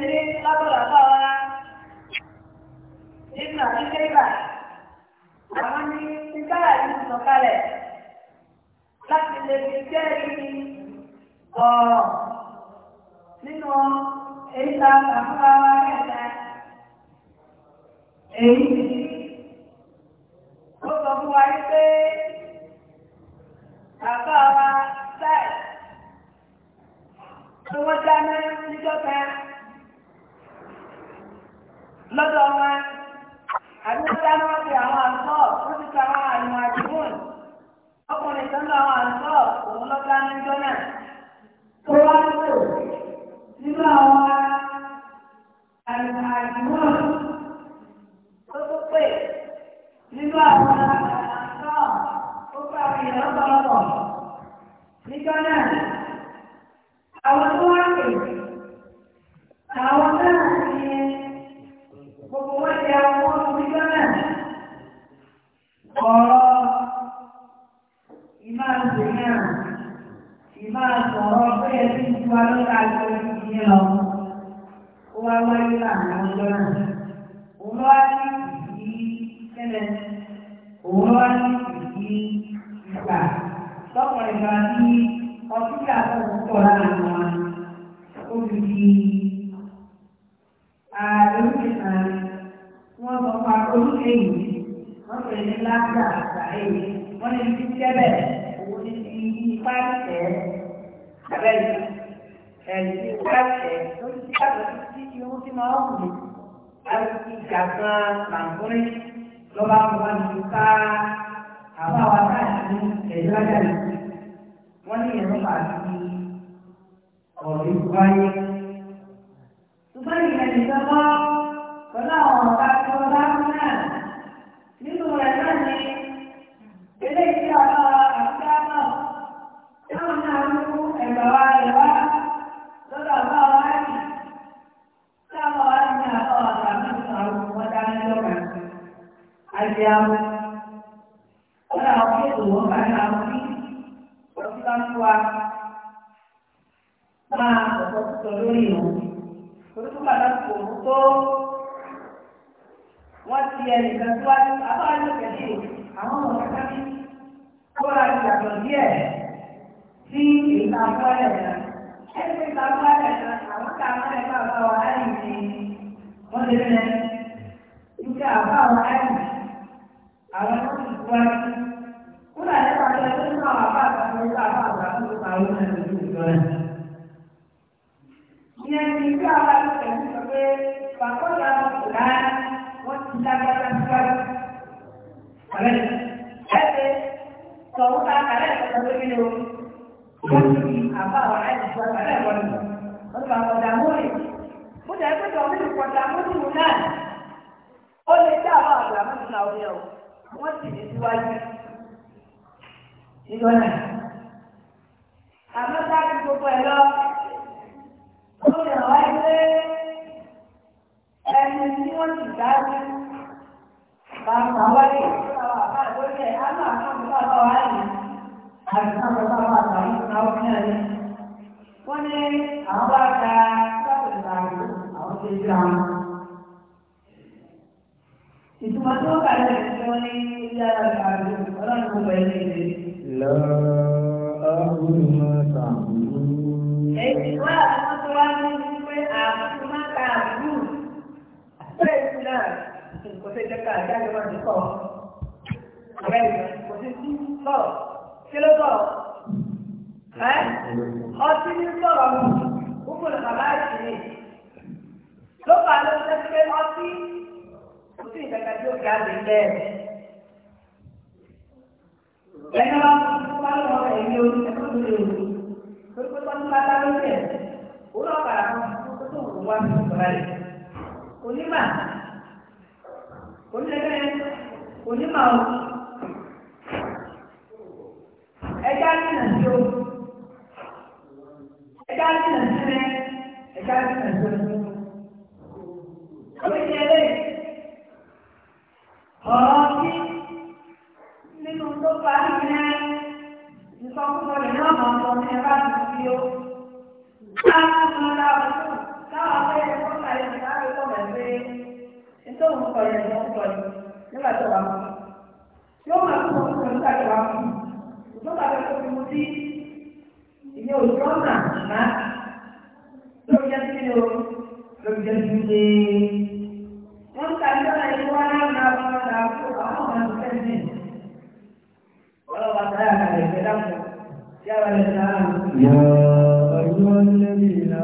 ṣe ní lábọ̀dà fáwọn nínú àtúnṣe ìgbà àwọn ní ìgbára yìí sọ kalẹ̀ láti lè fi jẹ́ ìní ọ̀rọ̀ nínú èyí tá a kà fún wa mẹ́ta èyí ó sọ fún wa pé bàbá wa sáì tí wọ́n dáná níjọba lọ́dọ̀ wọn àdúgbò náà ti àwọn àlùfọ́ ó ti ta àwọn àlùmọ̀ àdìgún ọkùnrin tó ń lọ àwọn àlùfọ́ òun ló dá ní jọ́nà tó wá lò nínú àwọn àlùmọ̀ àdìgún tó tó pè nínú àwọn àlùfọ́ ó fẹ́ àwọn èèyàn lọ́pọ̀lọpọ̀ ní jọ́nà àwọn tó wá pè àwọn náà gbogbo wọn ti àwọn ọdún gbígbọ́nà ọ̀rọ̀ ìmáàtò náà ìmáàtò ọ̀rọ̀ pé ẹbí ti wá lọ́la àjọ ìdílé lọ. máa wù láti ìjà kan làǹkúrín lọ́ba ọba mi ká àbá wa káàkiri ẹ̀yọ́ ajáde wọ́n ní ẹ̀rọ pàtàkì ọ̀rọ̀ ìwáyé. ṣùgbọ́n ìrẹ̀lẹ̀ ìjọba pẹ̀lú àwọn ọ̀gá tí wọ́n bá ń náà nínú rẹ̀ náà ni eléyìí tí a máa jauh. Kalau aku itu, karena aku ini, berpulang tua, ma, berpulang dulu, berpulang aku, itu, wajib yang berpulang, apa aja jadi, kamu mau kata ini, kurang jatuh dia, si kita eh, apa ya, eh kita apa ya, kamu kamu yang bawa ini, mau jadi, juga apa ya, àwọn tó ti mọ́lẹ̀. mo jẹ́ pé sọ̀rọ̀ mi kọjá mọ́lẹ̀ náà ó lè dá àwọn àgbà mọ́tò náà ó wọ́n sì ní síwájú nínú ọ̀nà. Àmọ́ sáájú gbogbo ẹ̀ lọ, ó yà wá pé ẹni tí wọ́n ti dájú bàbá wáyé bàbá àbáwọ̀ ẹ̀ àmọ́ àbáwọ̀ bàbá wáyé àti àwọn bàbá àtàwọn ọ̀nà ọ̀nà ẹ̀. Wọ́n ní àwọn bá ta sábà ìlànà àwọn tó ń gbà wọn ìtumọ̀ tó kà lẹ́yìn tí wọ́n ní ilé ara kàdó ọlọ́run kò bẹ̀rẹ̀ ní ilé. lọ ọ̀hún máa tà mú. èyí wọ́n àti wọ́n tó wá ní pé àbúrò máa ta àbúrò àbúrò èyí náà kò sí jẹ́ ká àjáde wọn ti kọ́ ọ̀rẹ́ ìgbà pé ọtí kò sí ìgbàgbà tí ó ga lè lẹ́ ẹ̀ka bá tó bá lọ́wọ́ ẹ̀mí orí ẹ̀kọ́ tó lè wò tó tó tó ń bá bá lóṣè òun náà kàrà fún tó tó wù wá sí ìgbàgbà rẹ̀ onímà onílẹ̀ onímà o ẹja nínà sí o ẹja nínà sí rẹ ẹja nínà sí o. Oríṣi ẹlẹ́yìn ọ̀rọ̀ sí nínú tó bá ní ẹ́ ìsọkúsọ náà máa sọ ní ẹ̀bá ti fi ó. láti mú láwọn láwọn fẹ́ ẹ̀ kọ́ sáré ní láti kọ́ bẹ̀ pé nítorí òun kọ̀ yẹn ló ń kọ̀ yìí nígbà tó wà mú. yóò máa tún òun kọ̀ nígbà tó wà mú. ìjọba bàbá tó fi mu sí ìyẹn òjò ọ̀nà àná lórí jẹ́ o lórí jẹ́ sí wọ́n ń ta ìjọba yìí títí ọlọ́wà táyà kalẹ̀ ìfẹ́ dákun yá wà lẹ́sẹ̀ náà. yà ọ̀yọ́ lẹ́bí iná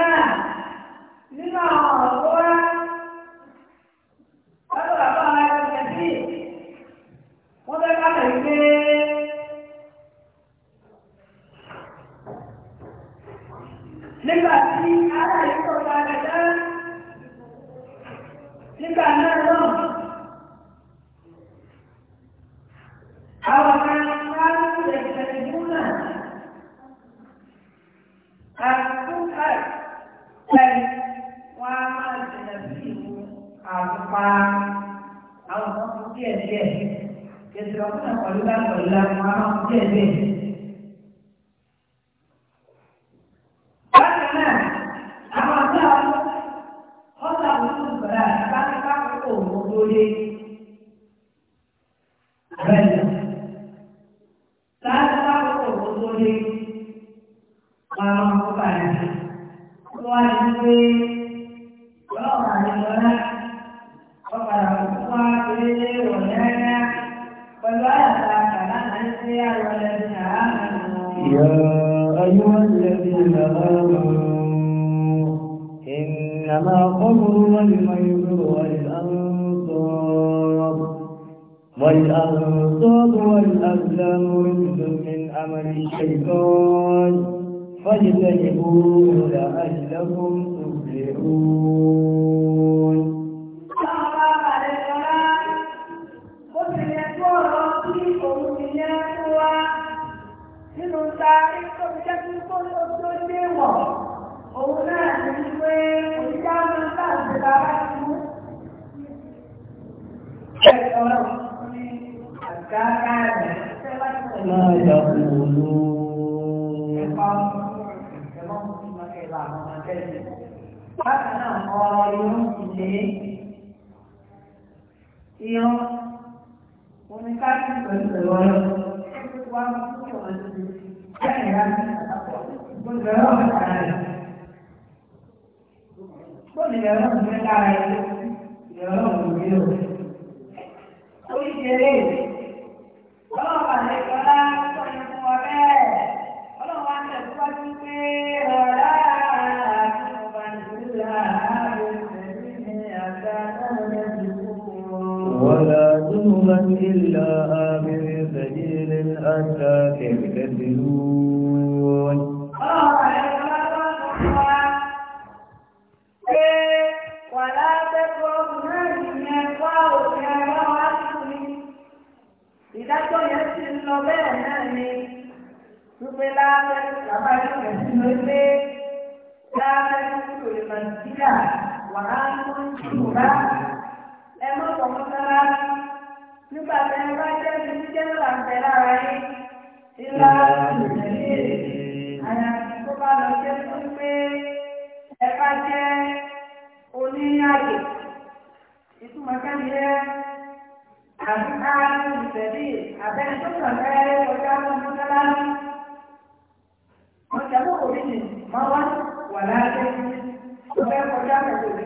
náà nínú àwọn ọ̀rọ̀ lẹ́nu wọ́n á máa jìnà sí ìlú àpá àwọn ọmọ tó díẹ̀ díẹ̀ kẹsì ọdún náà pẹ̀lú lápẹ̀lú lápẹ̀lú àwọn ọmọ díẹ̀ díẹ̀. bákan náà àwọn ọ̀gá الشيطان فاجتنبوه لعلكم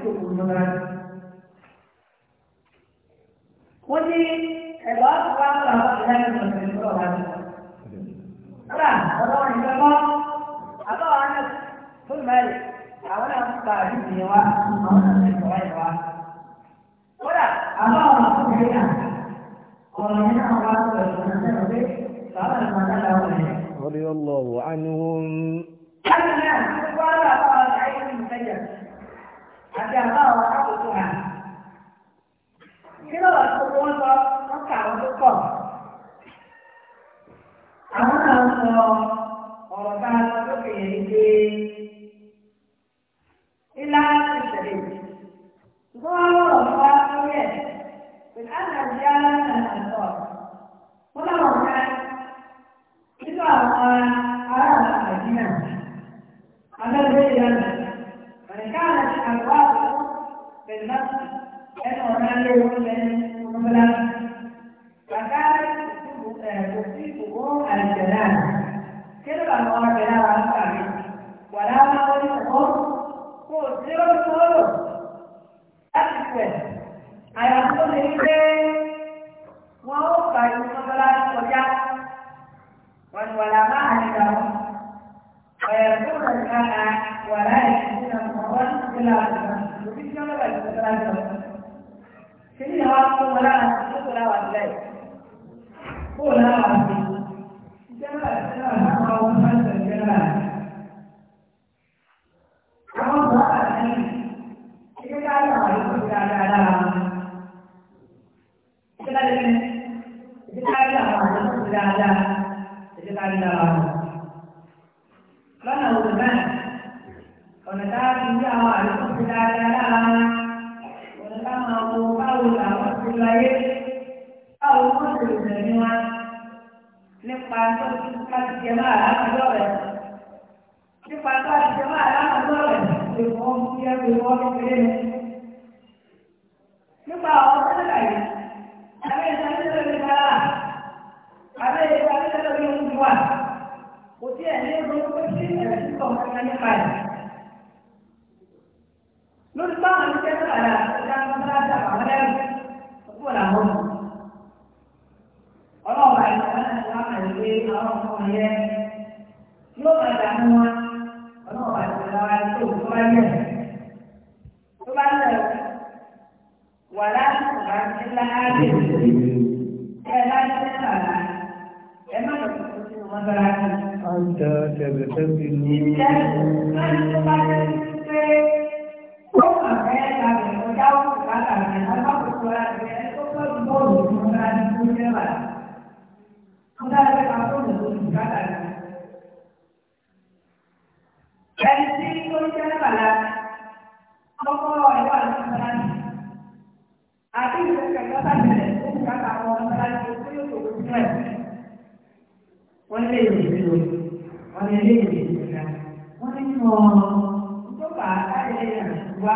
يكتبون معه ودي عبارة عن هذا الكلام طبعا طبعا عندما أضع أنا كل مالك حاولنا أطلع في ولا أضع رضي الله عنهم. أنا قال الله عز وجل àti àbá àwọn hàn. Nínú ọ̀rọ̀ tó wọ́n sọ, wọ́n kà wọ́n tó pọ̀. Àwọn náà ń sọ ọ̀rọ̀ bá a lọ lókè yẹn ní pé ilá ìṣẹ̀lẹ̀ ṣùgbọ́n wọ́n rọ̀ wá lórí ẹ̀ pẹ̀lú àtàjá àtàtọ̀. Wọ́n láwọn ká nínú àwọn ará àtàjá náà. Abẹ́rẹ́ ìyá náà. كانت الواقع بالنفس أنه كان يوم من فكانت تصيبه الجنان كلمة الله جلال عن ولا ما ولدهم هو زيرو سولو أكوين أيضا لديه وهو كان يوم من والعلماء عندهم ويكون الآن ولا يكون المرض إلا بالمرض وفي يوم لا يكون المرض سنين هاتف ولا نسيط ولا وزيك ولا وزيك جمال جمال هو مفسر جمال كما قال النبي إذا قال الله يقول تعالى على إذا قال الله يقول تعالى إذا قال الله ọ̀nà tá a ti àwọn àdúgbò ti dáadáa lára wọn ọ̀nà máa wo báwo làwọn ti lọ ayé báwo wọ́n ti lò lẹ́nu wa nípa tó láti jẹ máa lákàtọ́ rẹ̀ nípa tó láti jẹ máa lákàtọ́ rẹ̀ lè wọ́n fi ẹgbẹ́ wọ́n fi lé mi. nípa àwọn sẹ́lẹ̀ yìí àbẹ́ ìsàlẹ̀ lórí dára àbẹ́ ìsàlẹ̀ lórí ìwà kò tí ẹ̀ ní ìrònú pé kí ẹ̀rẹ́ sí kọ̀ọ̀kan nípa ẹ̀ lórí báwọn ẹni tẹ́lẹ̀ padà ìjà mọ́tàlájà àwọn ẹ̀rù kókó làwọn mọ̀. ọlọ́ọ̀bà ìjọba náà wá pẹ̀lú pé àwọn ọmọ yẹn yóò máa dààmú wọn ọlọ́ọ̀bà ìjọba wa tó tó bá yẹ tó bá lẹ̀ wà láti wà ní láàárín ẹ̀ láti tẹ́lẹ̀ àlá ẹ̀ má lọ sí ọmọ bára. Anta tẹ̀lé tẹ̀lé ní. Ìjẹ́ ìjọba tó bá yẹ. léèrè ìlera wọ́n ní kí wọ́n tó bá láyé ìrìnàjò wá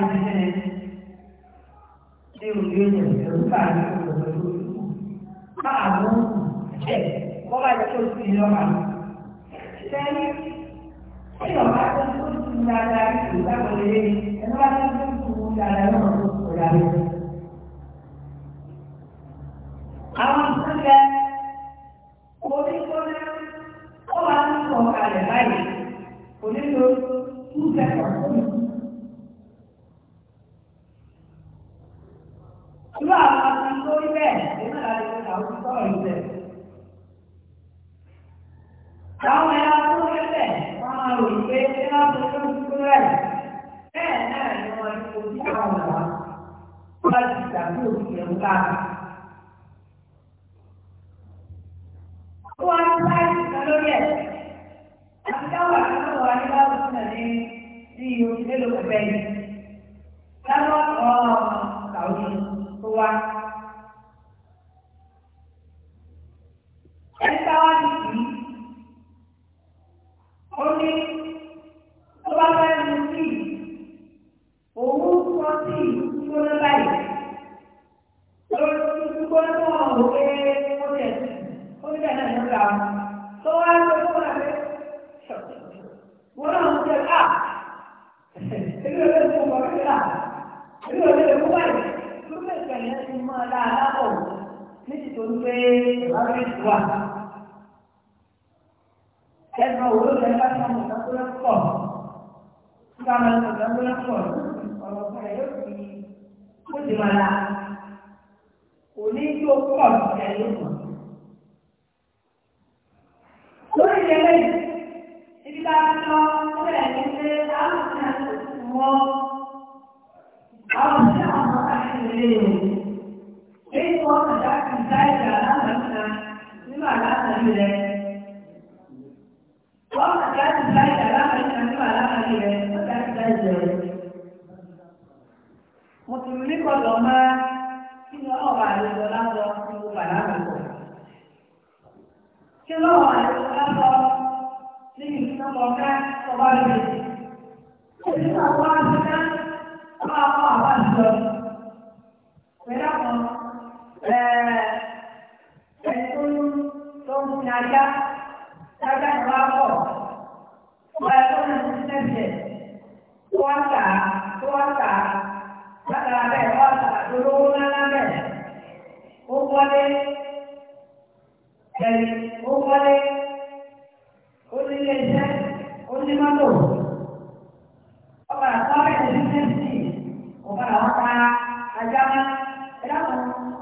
ní ṣe ní ṣe òye ní ẹ̀rú bá ní ọ̀rọ̀ pẹ̀lú olùkọ́. Bá àwọn ṣẹ̀ wọ́n bá jẹ́ kó sí lọ́wọ́. Sẹ́yìn tí ọ̀gá tó tó tu dáadáa ní ìgbàgbọ́ lé ẹni wá tó tó tu dáadáa náà tó kọ̀ dáadáa. Àwọn ìṣẹ̀lẹ̀ orí kọ́lé ó máa ń sọ̀kalẹ̀ báyìí. Onílò two seconds. irú àwọn ọmọ tó rí bẹ́ẹ̀ nínú àlejò àwọn tó sọ̀rọ̀ bẹ́ẹ̀. Àwọn ẹ̀yà tó rí bẹ́ẹ̀ wọ́n máa rò pé kí wọ́n tó tó ń kú rẹ̀. Bẹ́ẹ̀ náà ni wọ́n ní ojú àwọn ọ̀la wọ́n ti dàbí òbí ẹ̀rú lára. Ó wá ní báyìí lórí ẹ̀. Àti dáwọ̀ àti ní báwo tó nà ní ní oṣù mélòó pẹ̀lú. Lábọ̀ ọ̀ọ́ kàwé gbogbo wa. ẹni táwa ti kì í ó ní tó bá fẹ́ mu sí i òun sọ sí i gbóná báyìí lórí títí gbóná tó wọn ò pé ó tẹ̀ sí i ó ní bẹ́ẹ̀ náà ló wọn tó wá lọ sí wọn àbẹ́ wọn náà ń tẹ̀ á ẹgbẹ́ rẹ̀ tó ah! wọ́n rẹ̀ rà ẹgbẹ́ rẹ̀ tó wọ́n rẹ̀ èèyàn ti mọ́ ọ̀la alábọ̀ níbi tó ń gbé ọ̀rẹ́dì wà. ẹnu òwúrọ̀ lẹ́yìn bá ti mọ̀ ìdánkúrẹ́ pọ̀ nígbà máa ń mọ̀ ìdánkúrẹ́ pọ̀ ọ̀rọ̀ kan yóò fi kó ti máa la òní tó pọ̀ nílẹ̀ yóò mọ̀. lórí ìdẹ́lẹ́ ibi tá a lọ sílẹ̀ ní pé àwọn ìṣẹ̀lẹ̀ tó ti wọ́n rẹ̀. Wọ́n máa ká ti bá ìjà láàrin ìtàkùn àlámàlì rẹ̀ wọ́n ká ti bá ìjà rẹ̀. Mùsùlùmí kọ̀ lọ máa kí ni ọlọ́wọ́ àlejò lásọ ní gbogbo àlámàlì. Kí lọ́wọ́ àlejò lásọ ní ìsọ́mọ ká ọba rẹ̀. Òṣìṣẹ́ àwọn àṣìká ọba àwọn àwọn àṣìjọ. Pẹ̀lú àwọn ẹ̀ẹ́. Maka takkan lapor. Walaupun nanti kuasa, kuasa, tak ada kuasa, dulu ada. Ukule, jadi ukule, kulilnya, kulimatu. Apa sampai di sini? Apa apa ajaran? Kenapa?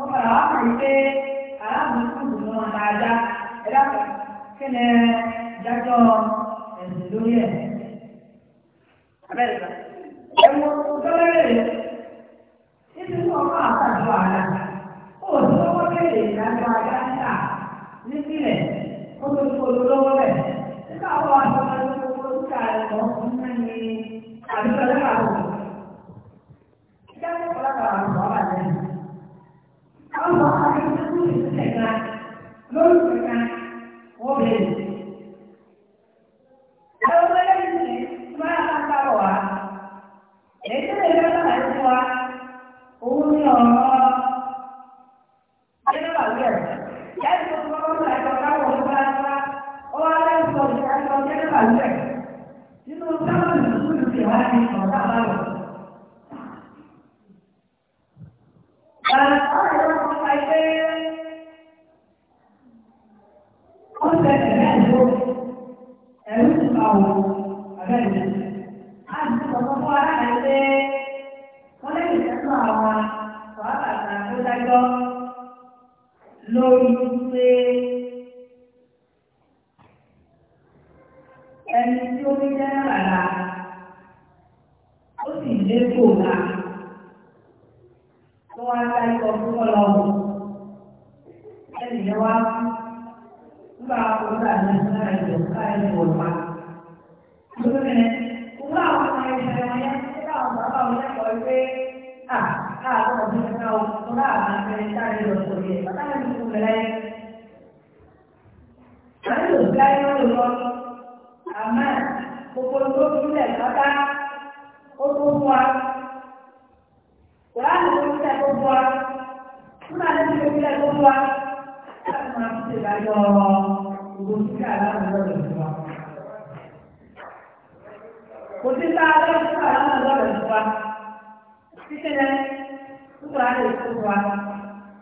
Apa apa itu? kíni dájọ́ ẹ̀sìn lórí ẹ̀. àwọn ọ̀rọ̀ àlẹ́. lórí ìpínlẹ̀ obìnrin. Àwọn lórí wípé ẹni tí ó ní náírà la ó sì lébò la tó wá láyé ọdún ọlọ́run ẹni yẹn wá nígbà òwúrọ̀ àti ìṣúná ẹ̀jọ̀ ká ẹni wọ̀ pa. Òwúrọ̀ àwọn ọmọ ẹ̀ṣẹ̀ wọn yẹn nígbà àwọn bàbá wọn yẹn kọ́ pé à. Kau kurang cerita di luar sini. Katakan itu mulai. Lalu kau luar aman. Pukul pukul tidak kata. Pukul buat. Kurang pukul tidak buat. Kurang pukul tidak buat. Tak mampu sebagai pukul tidak lah menurut semua. Pukul tidak lah menurut semua. Kita 不然就出关，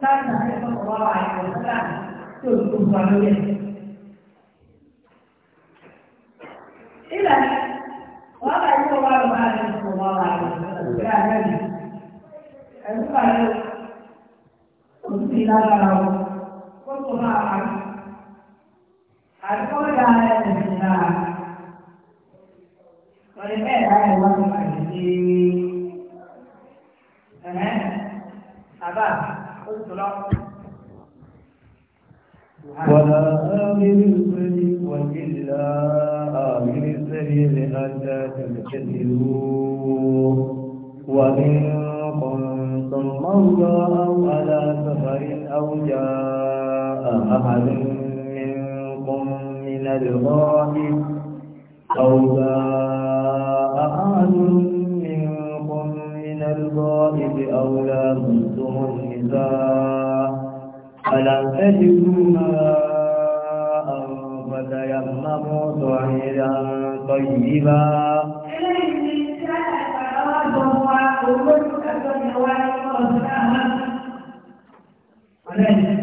但是还是我来，我不干，就是出关的人。一来，我来出关的话，就是我来，不然那里，还是反正我自己那个，我出关还还出来。إلى آخر السبيل وإلا آخر السبيل حتى تبتدلوه وإن كنتم مرضى أو على سفر أو جاء أحد منكم من الغائب أو جاء أحد منكم من الغائب أو لا لامستم النساء فلم تجدوا ماء وصنموا صعيدا طيبا Thank you.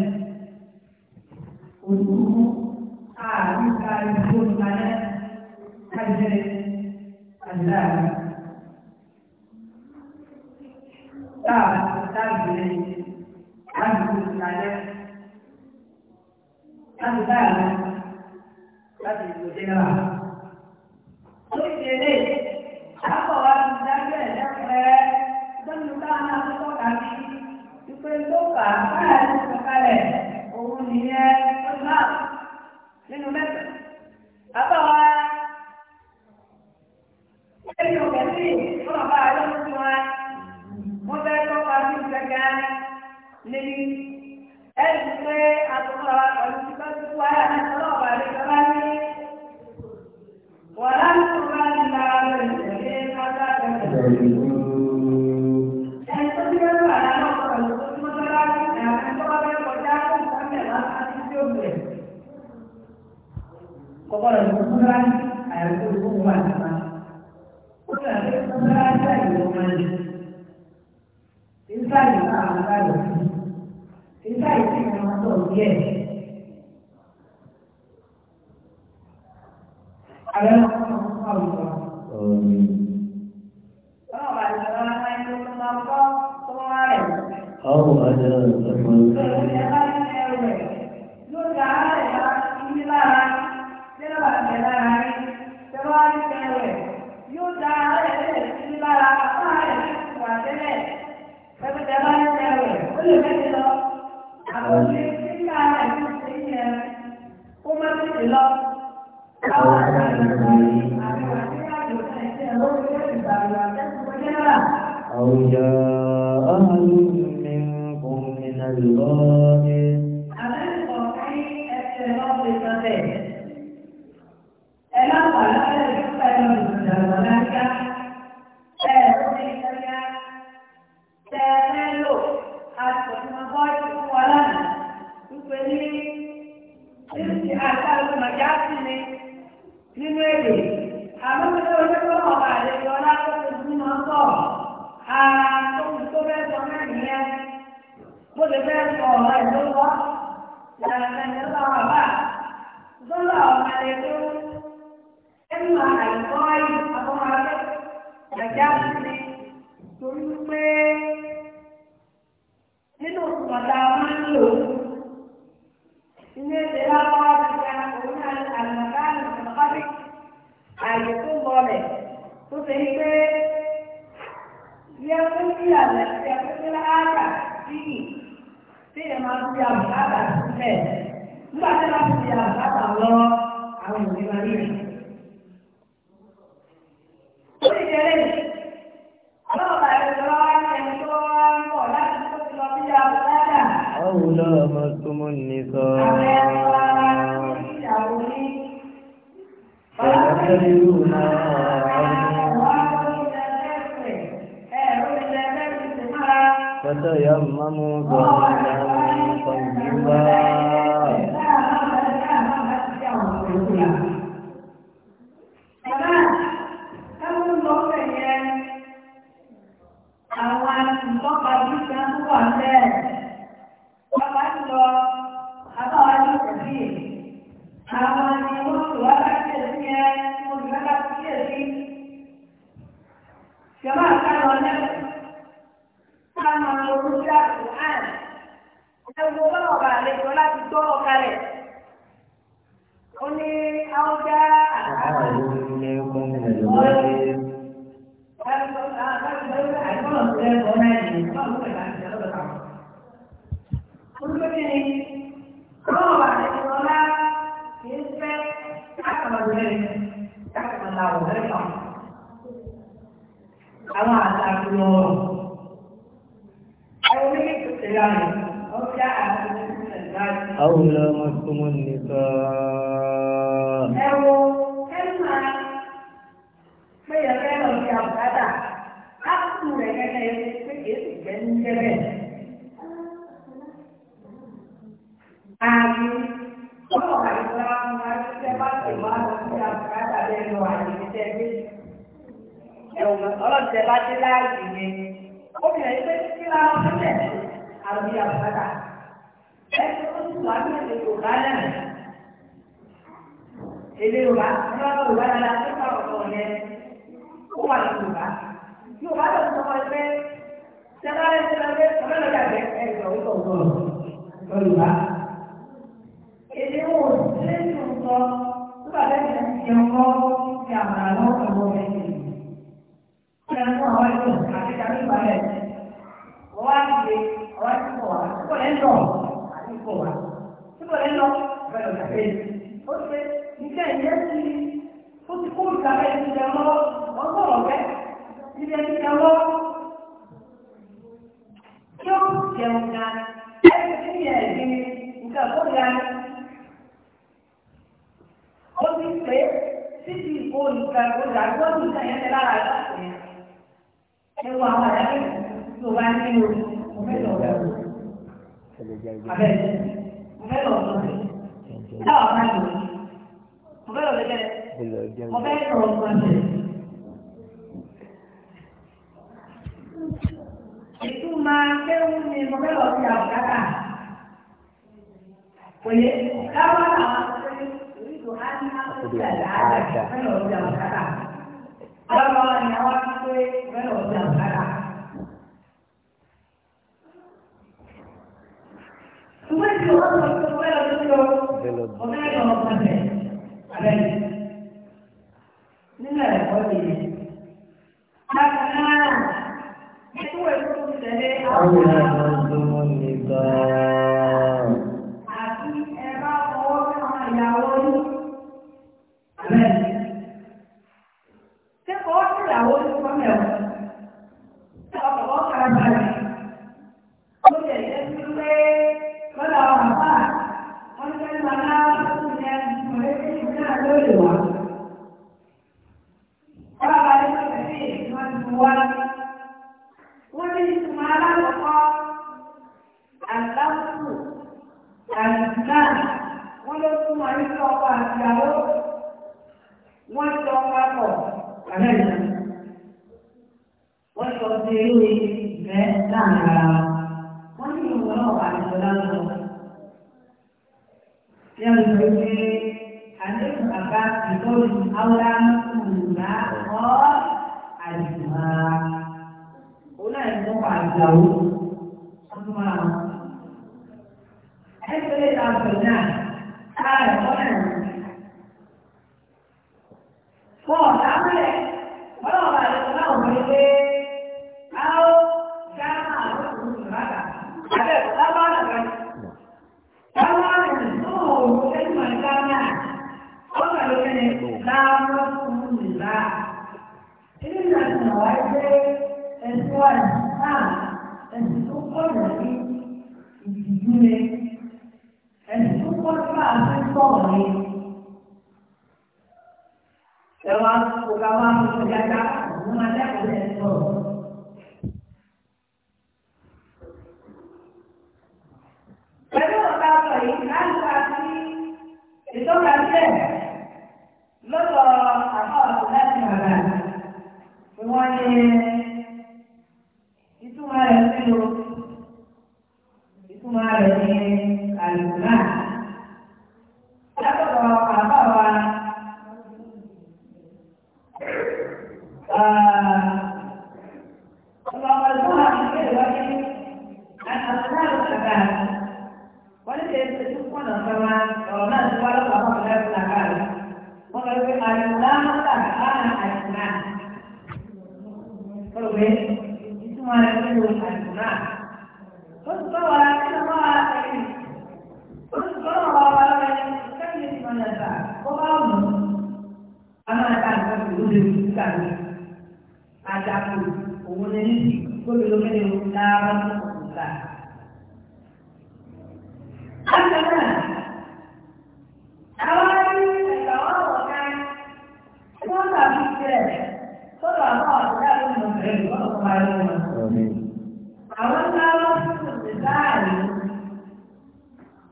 Àwọn ńlá wọn fún ìdáàrí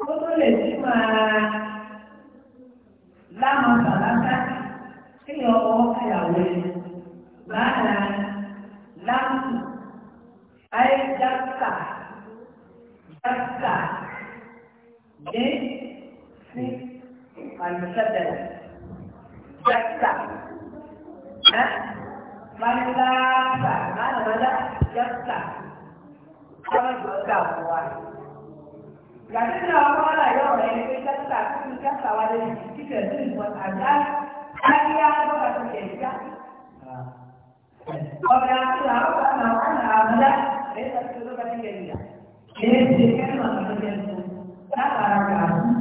ó tó lè sí máa láwọn bàbá kí ni ọkọ̀ ìyàwó bàálà láàmù ayé jákà jákà dé sí àlùsẹ́tẹ̀lẹ̀. Manila ha? sa, mana mana jasa. Kalau kita buat, jadi kalau orang lain orang lain kita tak pun jasa ada di sini jadi buat anda, lagi apa kata ha. kerja? Orang kalau orang lain orang lain ada, ada tu tu kata kerja. Jadi kita mana kerja? Tak ada orang.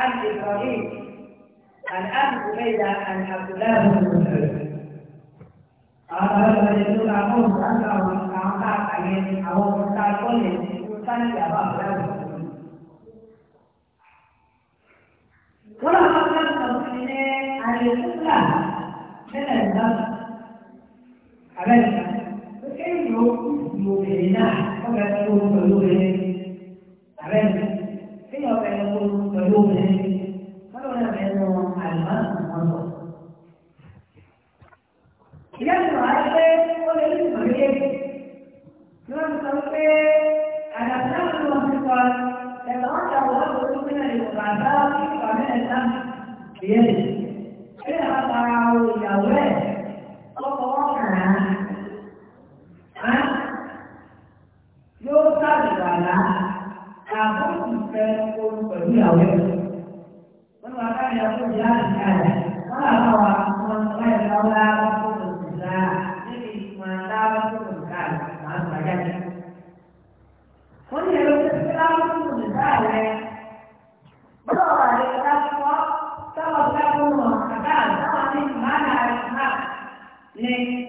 عن إبراهيم عن أبي عبيدة عن عبد الله بن مسعود قال رجل يدل على موسى أنه من أعطاك عليه أو موسى كل موسى يا ولقد خلق المؤمنين على الإسلام من النفس عليها فكيف يؤمننا ولا يؤمنون عليها في يوم يقول قلوبهم فلولا بأنهم علماء منظر إذا سؤال ولكن مريض يوم سوف أنا نحن وفقا يتوقع الله من المقابلات ومن الأمر بيده إذا قرأوا إلى أولاد وقوانا ها يوصل على أبوك เนี่มันว่าได้เราพูดยากกันเพราะเราว่ามันไม่เราเราพูดถึงนะนี่มันเราพูดถึงกันมาเหมือนกคนที่เราพูดเราพูดถึงไดเลยไ้องะไรก็เราะต้าเราพูดถึงกันต้าเราไม่มาไหนมาเนี่ย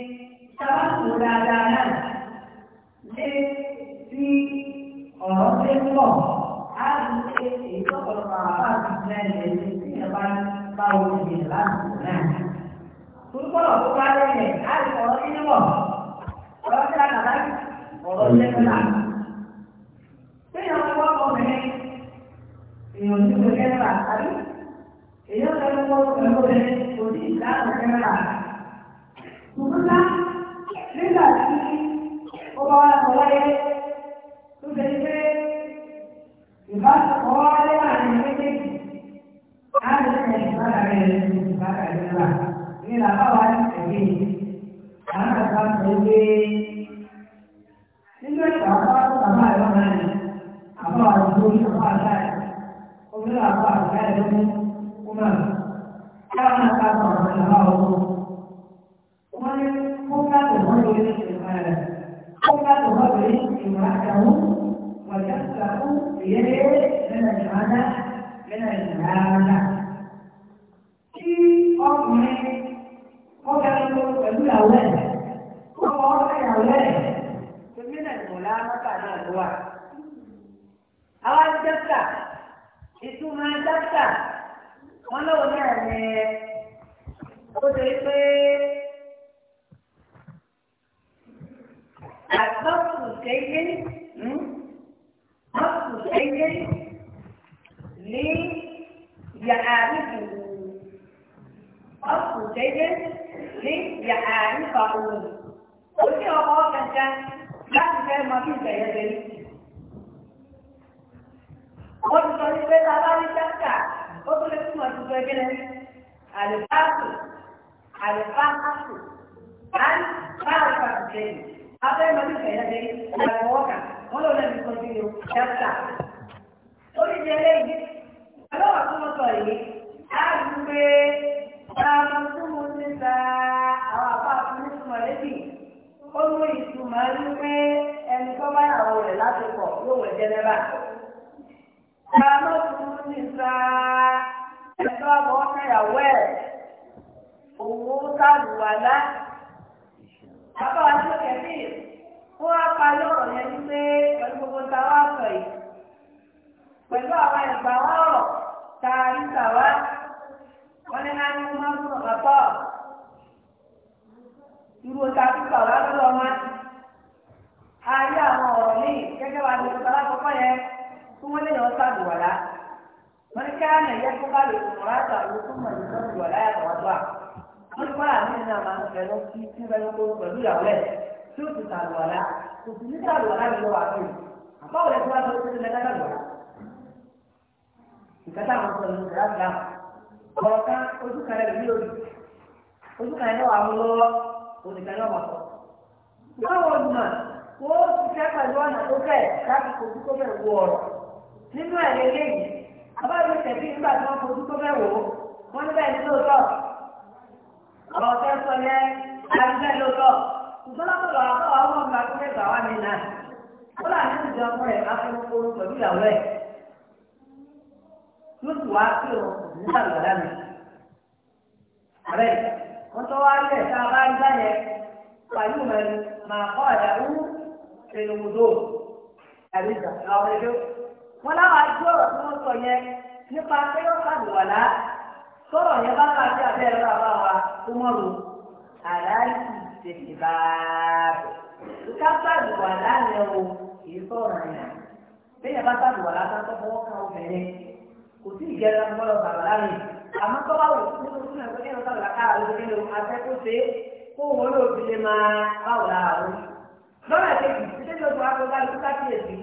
كان يقبل ثم يصلي ولا يتوضا wọ́n nínú àwọn akẹ́kọ̀ọ́ tí tí wọ́n yọ pẹ̀lú ìyàwó ẹ̀ tí ó ti sàlù ọ̀la kò sì ní sàlù ọ̀la lọ́wọ́ àbí tí wọ́n tó ọ̀la. àwọn sọ̀rọ̀ ní ojú kan ojú kan lọ́wọ́ sọ. báwo ni mà ti fẹ́ pẹ̀lú ọ̀nà tó láti abáyé tẹ̀sí nígbà tí wọ́n fojú tó bẹ̀ wò ó wọ́n ní lóòótọ́ ọ̀rọ̀ tẹ́ sọ yẹ àdúgbẹ́ lóòótọ́ ìgbọ́lápọ̀lọ̀ àbáwá wọn gba tó fẹ́ gbà wá mi náà ó là ní ìjọ ọkọ rẹ̀ bá fún oru pẹ̀lú ìyàwó ẹ̀ yóò wá pé o nígbà lọ́dá mi. àbẹ́ wọ́n tọ́ wá lẹ̀ tá a bá ń gbá yẹn pàlú mẹ́rin màá kọ́ àdàrú ṣèlú wọn láwọn adé ọ̀rọ̀ tí wọ́n sọ yẹn nípa akẹ́yọ́ sàlùwàlá sọ̀rọ̀ yẹn bá máa dé abẹ́ ẹ̀rọ àbá wa tó mọ̀ lò àláìsí tètè bá a ká sàlùwàlá yẹn o kì í sọ̀rọ̀ yẹn bẹ́ẹ̀ bá sàlùwàlá ká tọ́ fọwọ́ kan obìnrin kò sí ìjẹta mọ́lọ sàlùwàlá mi àmọ́ tó bá wò nínú nínú ẹ̀kọ́ yẹn sàlùwàlá ká àlọ́ nínú afẹ́ kó ṣe kó wọn ló fi lè máa báwò lára wọn lọ́nà kejì títí tó tó akọ́gbá ló ká kíyèsí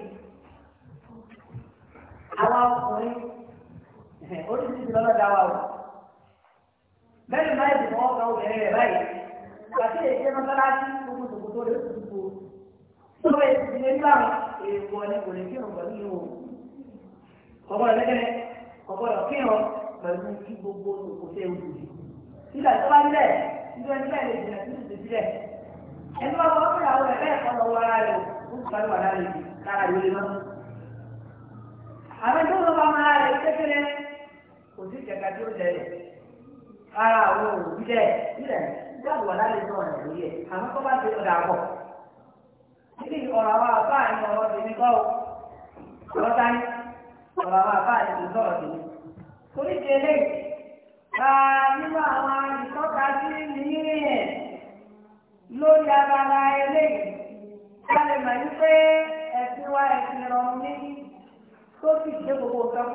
àwọn ọkùnrin oríṣiríṣi lọ́dọ̀ dá wa o mẹ́rin báyìí ni wọ́n kan obìnrin rẹ̀ báyìí pàṣẹ èyí ṣe mọ́sálásí gbogbo gbogbo lórí gbogbo tó bẹ́ẹ̀ ti di nígbà èèwọ̀ ni kò lè kí òun pẹ̀lú ìhòòhò ọ̀gbọ́n lẹ́gẹ̀rẹ́ ọ̀gbọ́n kí wọn pẹ̀lú kí gbogbo òkú tẹ òkú nígbà tó bá nílẹ̀ nígbà nílẹ̀ lè jìnà sí ìdílé ẹni wọn kọ́ fúnra wọn ẹ̀ bẹ́ẹ̀ kọ́ lọ́wọ́ ara rẹ̀ ó ti parí wà lára rẹ̀ lára rẹ̀ ó lè máa àwọn tó lọ́ba máa rẹ̀ kékeré kò sí kẹ̀kẹ́ tí ó jẹ ara àwọn òbí dẹ̀ ilẹ̀ gbàgbọ́ wà láti sọ ọ̀rọ̀ lórí ọrụ àwọn tó bá ti ọ̀dà bọ̀. Ilé ọ̀rọ̀ àwọn ọ̀rọ̀ tèmi kọ́ ọ. Ọ̀rọ̀ ọ̀rọ̀ àwọn sọ̀rọ̀ tèmi. nínú àwọn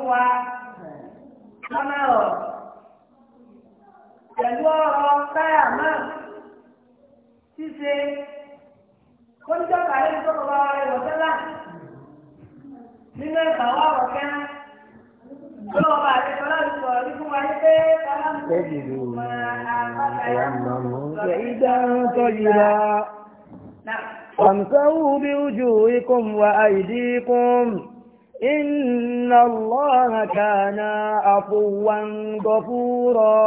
fún wa lọ́nà ọ̀ pẹ̀lú ọ̀rọ̀ táyà náà ṣíṣe kóńjọ́ kàlẹ́ ìjọba ọ̀rọ̀ sẹ́lá nínú ẹ̀ka wà ọ̀rọ̀ kẹ́ lọ́wọ́ àdéhùn aláàbò rí fún wa bí ojú ikùn wa àìdí ikùn. إن الله كان عفوا غفورا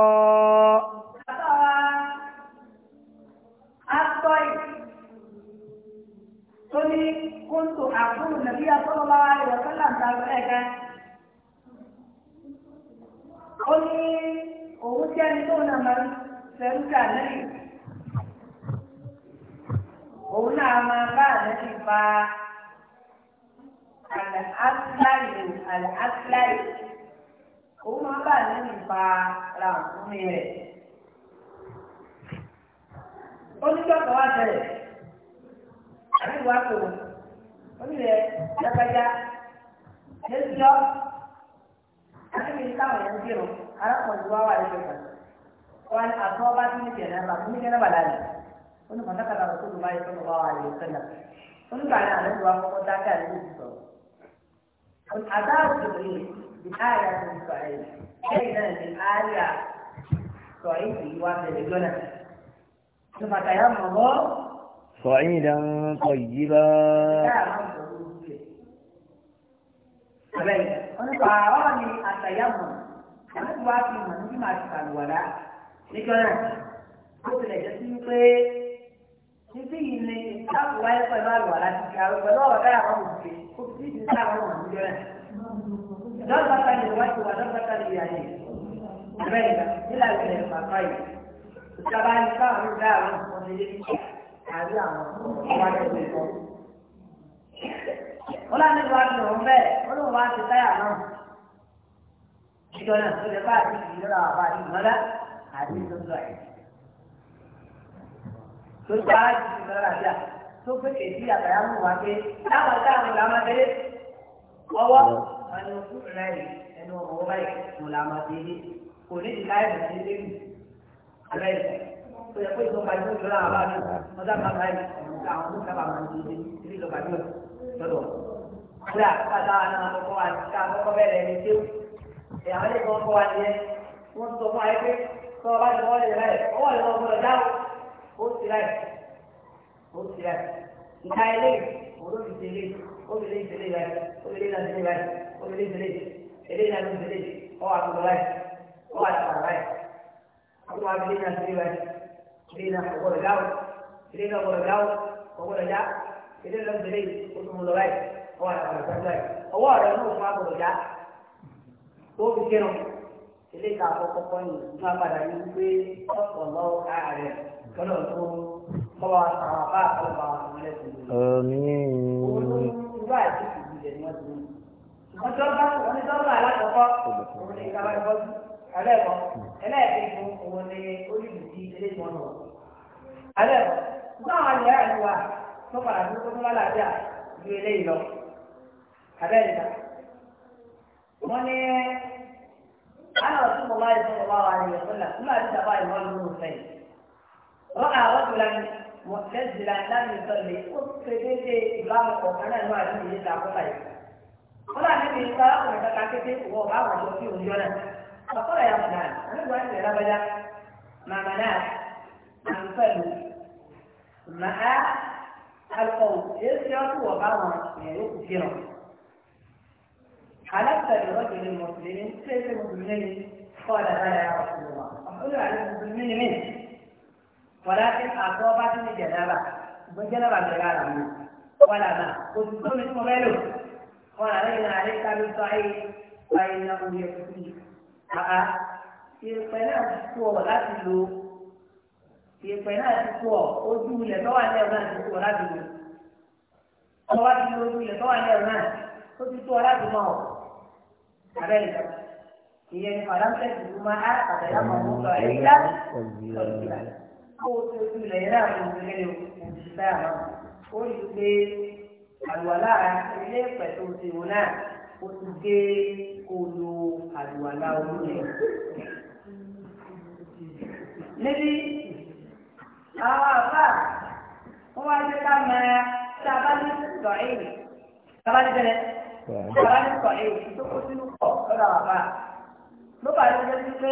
tóní kóńtò àkóńtò nàbí asọ́lọ́lá ìwọ̀sánlá ìtàgbọ́ ẹ̀ka. ó ní òun tí ẹni tó náà máa ń fẹ́rù kà lẹ́yìn. òun náà máa bá àlẹ́ ti fa àlàáfíláì àlàáfíláì òun máa bà nínú ìpa ra òkúmi rẹ̀. onígbàgbọ́ wa bẹ̀rẹ̀ àti ìwà kòrò onílẹ̀ lágbájá lẹ́síọ́ àti ìwé táwọn èèyàn ń gbèrò arákùnrin wa wà lẹ́sẹ̀ kan wọn àtọ́ bá ti ní jẹ̀nà bá fún mi jẹ́nà bá láàyè wọn ni mọ̀tàkàtà òkúrò báyìí tó ń bá wà lẹ́sẹ̀ náà onígbà náà lẹ́sẹ̀ wa kọ́kọ́ dákẹ́ àlejò ti sọ̀rọ̀. والعذاب جبريل بآية من سعيد أين بالآية سعيد يوافق الجنة ثم تيمم صعيدا طيبا nípa ọ̀rọ̀ ni àtàyàmọ̀ àmọ́tò wa fi hàn ní máa ṣàlùwàlá níjọ́ náà ó tilẹ̀ jẹ́ sí wípé títí yìí ni láti wáyé pẹ̀lú ti di àwọn pẹ̀lú ọ̀rọ̀ dáyà wọn kò kò sí ìdí sáwọn ọmọ àwùjọ rẹ̀. lọ́sàtà lè wá ìwà lọ́sàtà lè yà yìí. ẹ̀rẹ́ ìgbà nílà ìpìlẹ̀ pàpà yìí. ìjọba ní káwọn ìgbà àwọn ọmọ ilé yìí àrí àwọn ọmọ ọmọ wọ́n láti wá ní òun bẹ́ẹ̀ ó lóun wá ti táyà náà ìjọ náà tó lè bá àti ìlera àbá ìmọ̀lá àti ìtọ́jú àyè. tó bá àti ìmọ̀lá àti àyè tó pèsè sí àgbàyà mú wa pé táwọn táwọn là máa délé ọwọ́ ẹnu rẹ̀ ẹnu ọ̀rọ̀ rẹ̀ kò là máa délé kò ní ìlà ẹ̀bùn sí ilé mi rẹ̀ tó yẹ kó ìjọba ìjọba ìjọba àwọn àbájú ọjà bàbá yìí ọ̀nà àwọn tó sábà máa ń délé ilé ìjọba ìjọba lọ́dọ̀ kúrẹ́ àtàkàtà àwọn àkọ́kọ́ wa ti ká àkọ́kọ́ tí ó ẹ̀yà wọlé kan kọ́ wa ni ẹ wọ́n sọ fún ayé pé tọ́ ọ bá ti wọ́n lè rẹ̀ ọwọ́ ìwọ̀n ó ti rà ìka ilé òwúrò ti tẹ̀lé obìnrin tẹ̀lé rẹ̀ obìnrin náà tẹ̀lé rẹ̀ obìnrin tẹ̀lé tẹ̀lé náà ló tẹ̀lé ọ̀ àtúntò rẹ̀ ọ̀ àtàrà rẹ̀ ọ̀tún wa tẹ̀lé náà tẹ̀lé rẹ̀ tẹ̀lé náà ọ̀gbọ̀dọ̀ dáwọ̀ tẹ̀lé náà ọ̀gbọ̀dọ̀ dáwọ̀ ọ̀gbọ̀dọ̀ já tẹ̀lé náà tẹ̀lé oṣùmùlọ̀ rẹ̀ ọ̀ àtàrà rẹ̀ ọwọ́ rẹ̀ náà fún agbọ̀dọ̀ já tó fi kírun tẹ̀lé ta àkọ́kọ́ kọ́ kọ́wá àwọn àbá àkàlùbà àwọn ọmọlẹ́sìn lórí. àmín. olùdó àti ìdílé ni wọ́n ti ní. wọ́n ti ọgbà wọ́n ti ọgbà alákọ̀ọ́kọ́ rọ́à rọ́jùlá mọ̀tẹ́sílá láti sọ̀lẹ̀ ó ṣe déédé ìbámu ọ̀kan náà náà ní ìdílé àkọ́kọ́ yìí. wọ́n náà níbi ìta ọkùnrin kankan kété wọ ọ̀gá àwọn ọ̀dọ́ sí òun yọ́nà. ọ̀kọ́rọ̀ ya mọ̀ náà àníbi wá sílẹ̀ lábẹ́já màmá náà àǹfẹ̀lú màá alukọ̀wù èsì ọ̀kú ọ̀gá àwọn ẹ̀yọ́ kù fi hàn. alákùnrin rọ́jùlá mọ̀tẹ́sílá ولكن أصابت من جنابة من جنابة جنابة قال ما قلت من قبله قال لين عليك من صحيح فإنه يكفيك فأ ìpínlẹ̀ tó ọ̀ láti lo ìpínlẹ̀ tó ọ̀ ojú ilẹ̀ tó wà ní ẹ̀rọ náà tó ọ̀ láti lo ọ̀rọ̀ wá ti lo ojú ilẹ̀ tó wà ní ẹ̀rọ náà tó ti tó ọ̀ láti mọ̀ ọ̀ abẹ́rẹ́ ìjọba ìyẹn ní fàdámsẹ̀ tó máa àtàlẹ́ àmọ́ ọ̀gbọ́n ẹ̀yà ọ̀gbìn kó o tu ilẹ̀ yẹn náà ló ń lé o kò sí báyà náà ó rí i pé àlùwàlá ilé pẹ̀lú òṣèlú náà ó ti gé kó o lo àlùwàlá omi yẹn. níbi àwọn àbá wọn wá sí ká máa tá a bá ní sọ èyí tá a bá ní bẹ̀rẹ̀ tá sọ èyí tó kó sínú pọ̀ lọ́dọ̀ àbá ló bá yẹ kó pé.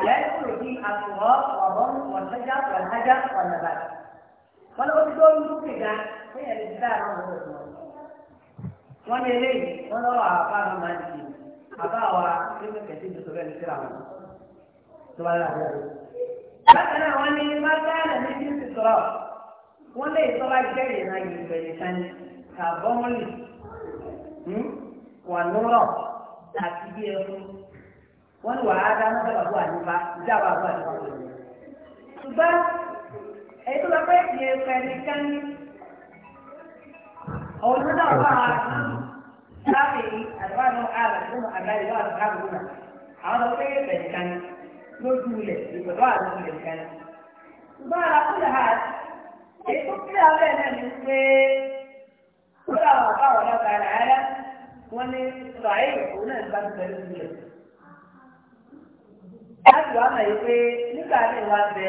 لا يدخل فيه التراب والرمل والشجر والحجر والنبات ولا قلت دول كده هي الإسلام هو wọ́n ní eléyìí wọ́n lọ́wọ́ àbá mi máa ń di àbá wa nínú kẹ̀sí tuntun bẹ́ẹ̀ ní síra wọn tó bá lára rẹ̀. bákan náà wọ́n ní mákàlà ní bí ti sọ̀rọ̀ wọ́n lè sọ bá jẹ́ ìrìnà ìgbẹ́ nìkan ni wọ́n ní wàá dá mọ́tò bàbá àdúgbà ìjà bàbá àdúgbà kò ní. ṣùgbọ́n èyí tó lọ pé ìyẹn pẹ̀lú kání òun ló náà bá wa láàbì àdúgbà náà àlà nínú àgbáyé lọ́wọ́ àdúgbà kò náà àwọn lọ pé pẹ̀lú kání lójú ilẹ̀ ìgbọ̀dọ̀ àdúgbò pẹ̀lú kání. ṣùgbọ́n àlàkùnrin ha èyí tó kí abẹ́ náà ni pé ó dà wà báwọn lọ́ta rẹ̀ wọ́n ní sọ̀rọ̀ àyè òun náà ń bá ti pẹ̀lú ìlú láti wá mọ̀ yìí pé nígbà tí ìwà bẹ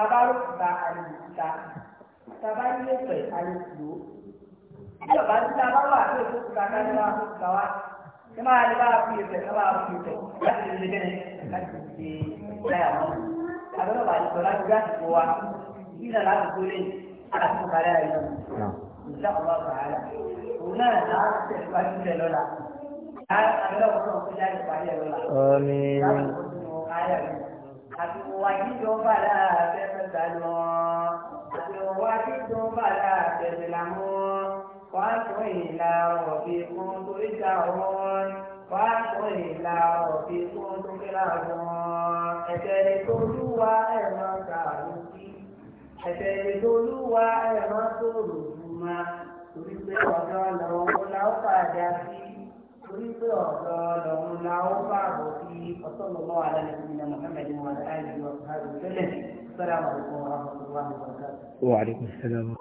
abárùkùtà àlùkùtà tàbá nílé pẹ̀ àlùkùtò tí ọ̀bá tí a bá wà tó èso kùtà ká ní wà tó máa ní bá fi ìfẹ́ ní bá fi ìfẹ́ láti lè bẹ́ẹ̀ láti wọn àbẹ́rẹ́ wà ní láti wa náà láti kó lé àti tẹ̀ lọ́la. آمين وأتوا إلى ربكم ترجعون وأتوا إلى ربكم تكرهون أترك الجوع أما تعرفي أترك الجوع أما ترجما تريد أن تكون لهم لا أفادك wípé ọ̀dọ̀ lọ́run la ó bá àbò sí ọ̀sọ́lọ́wọ́ alẹ́nìyàn Muhammad wa aláìsí wa sàrò tẹ́lẹ̀ sọ́dọ̀ àwọn ọ̀rọ̀ àwọn ọ̀rọ̀ àwọn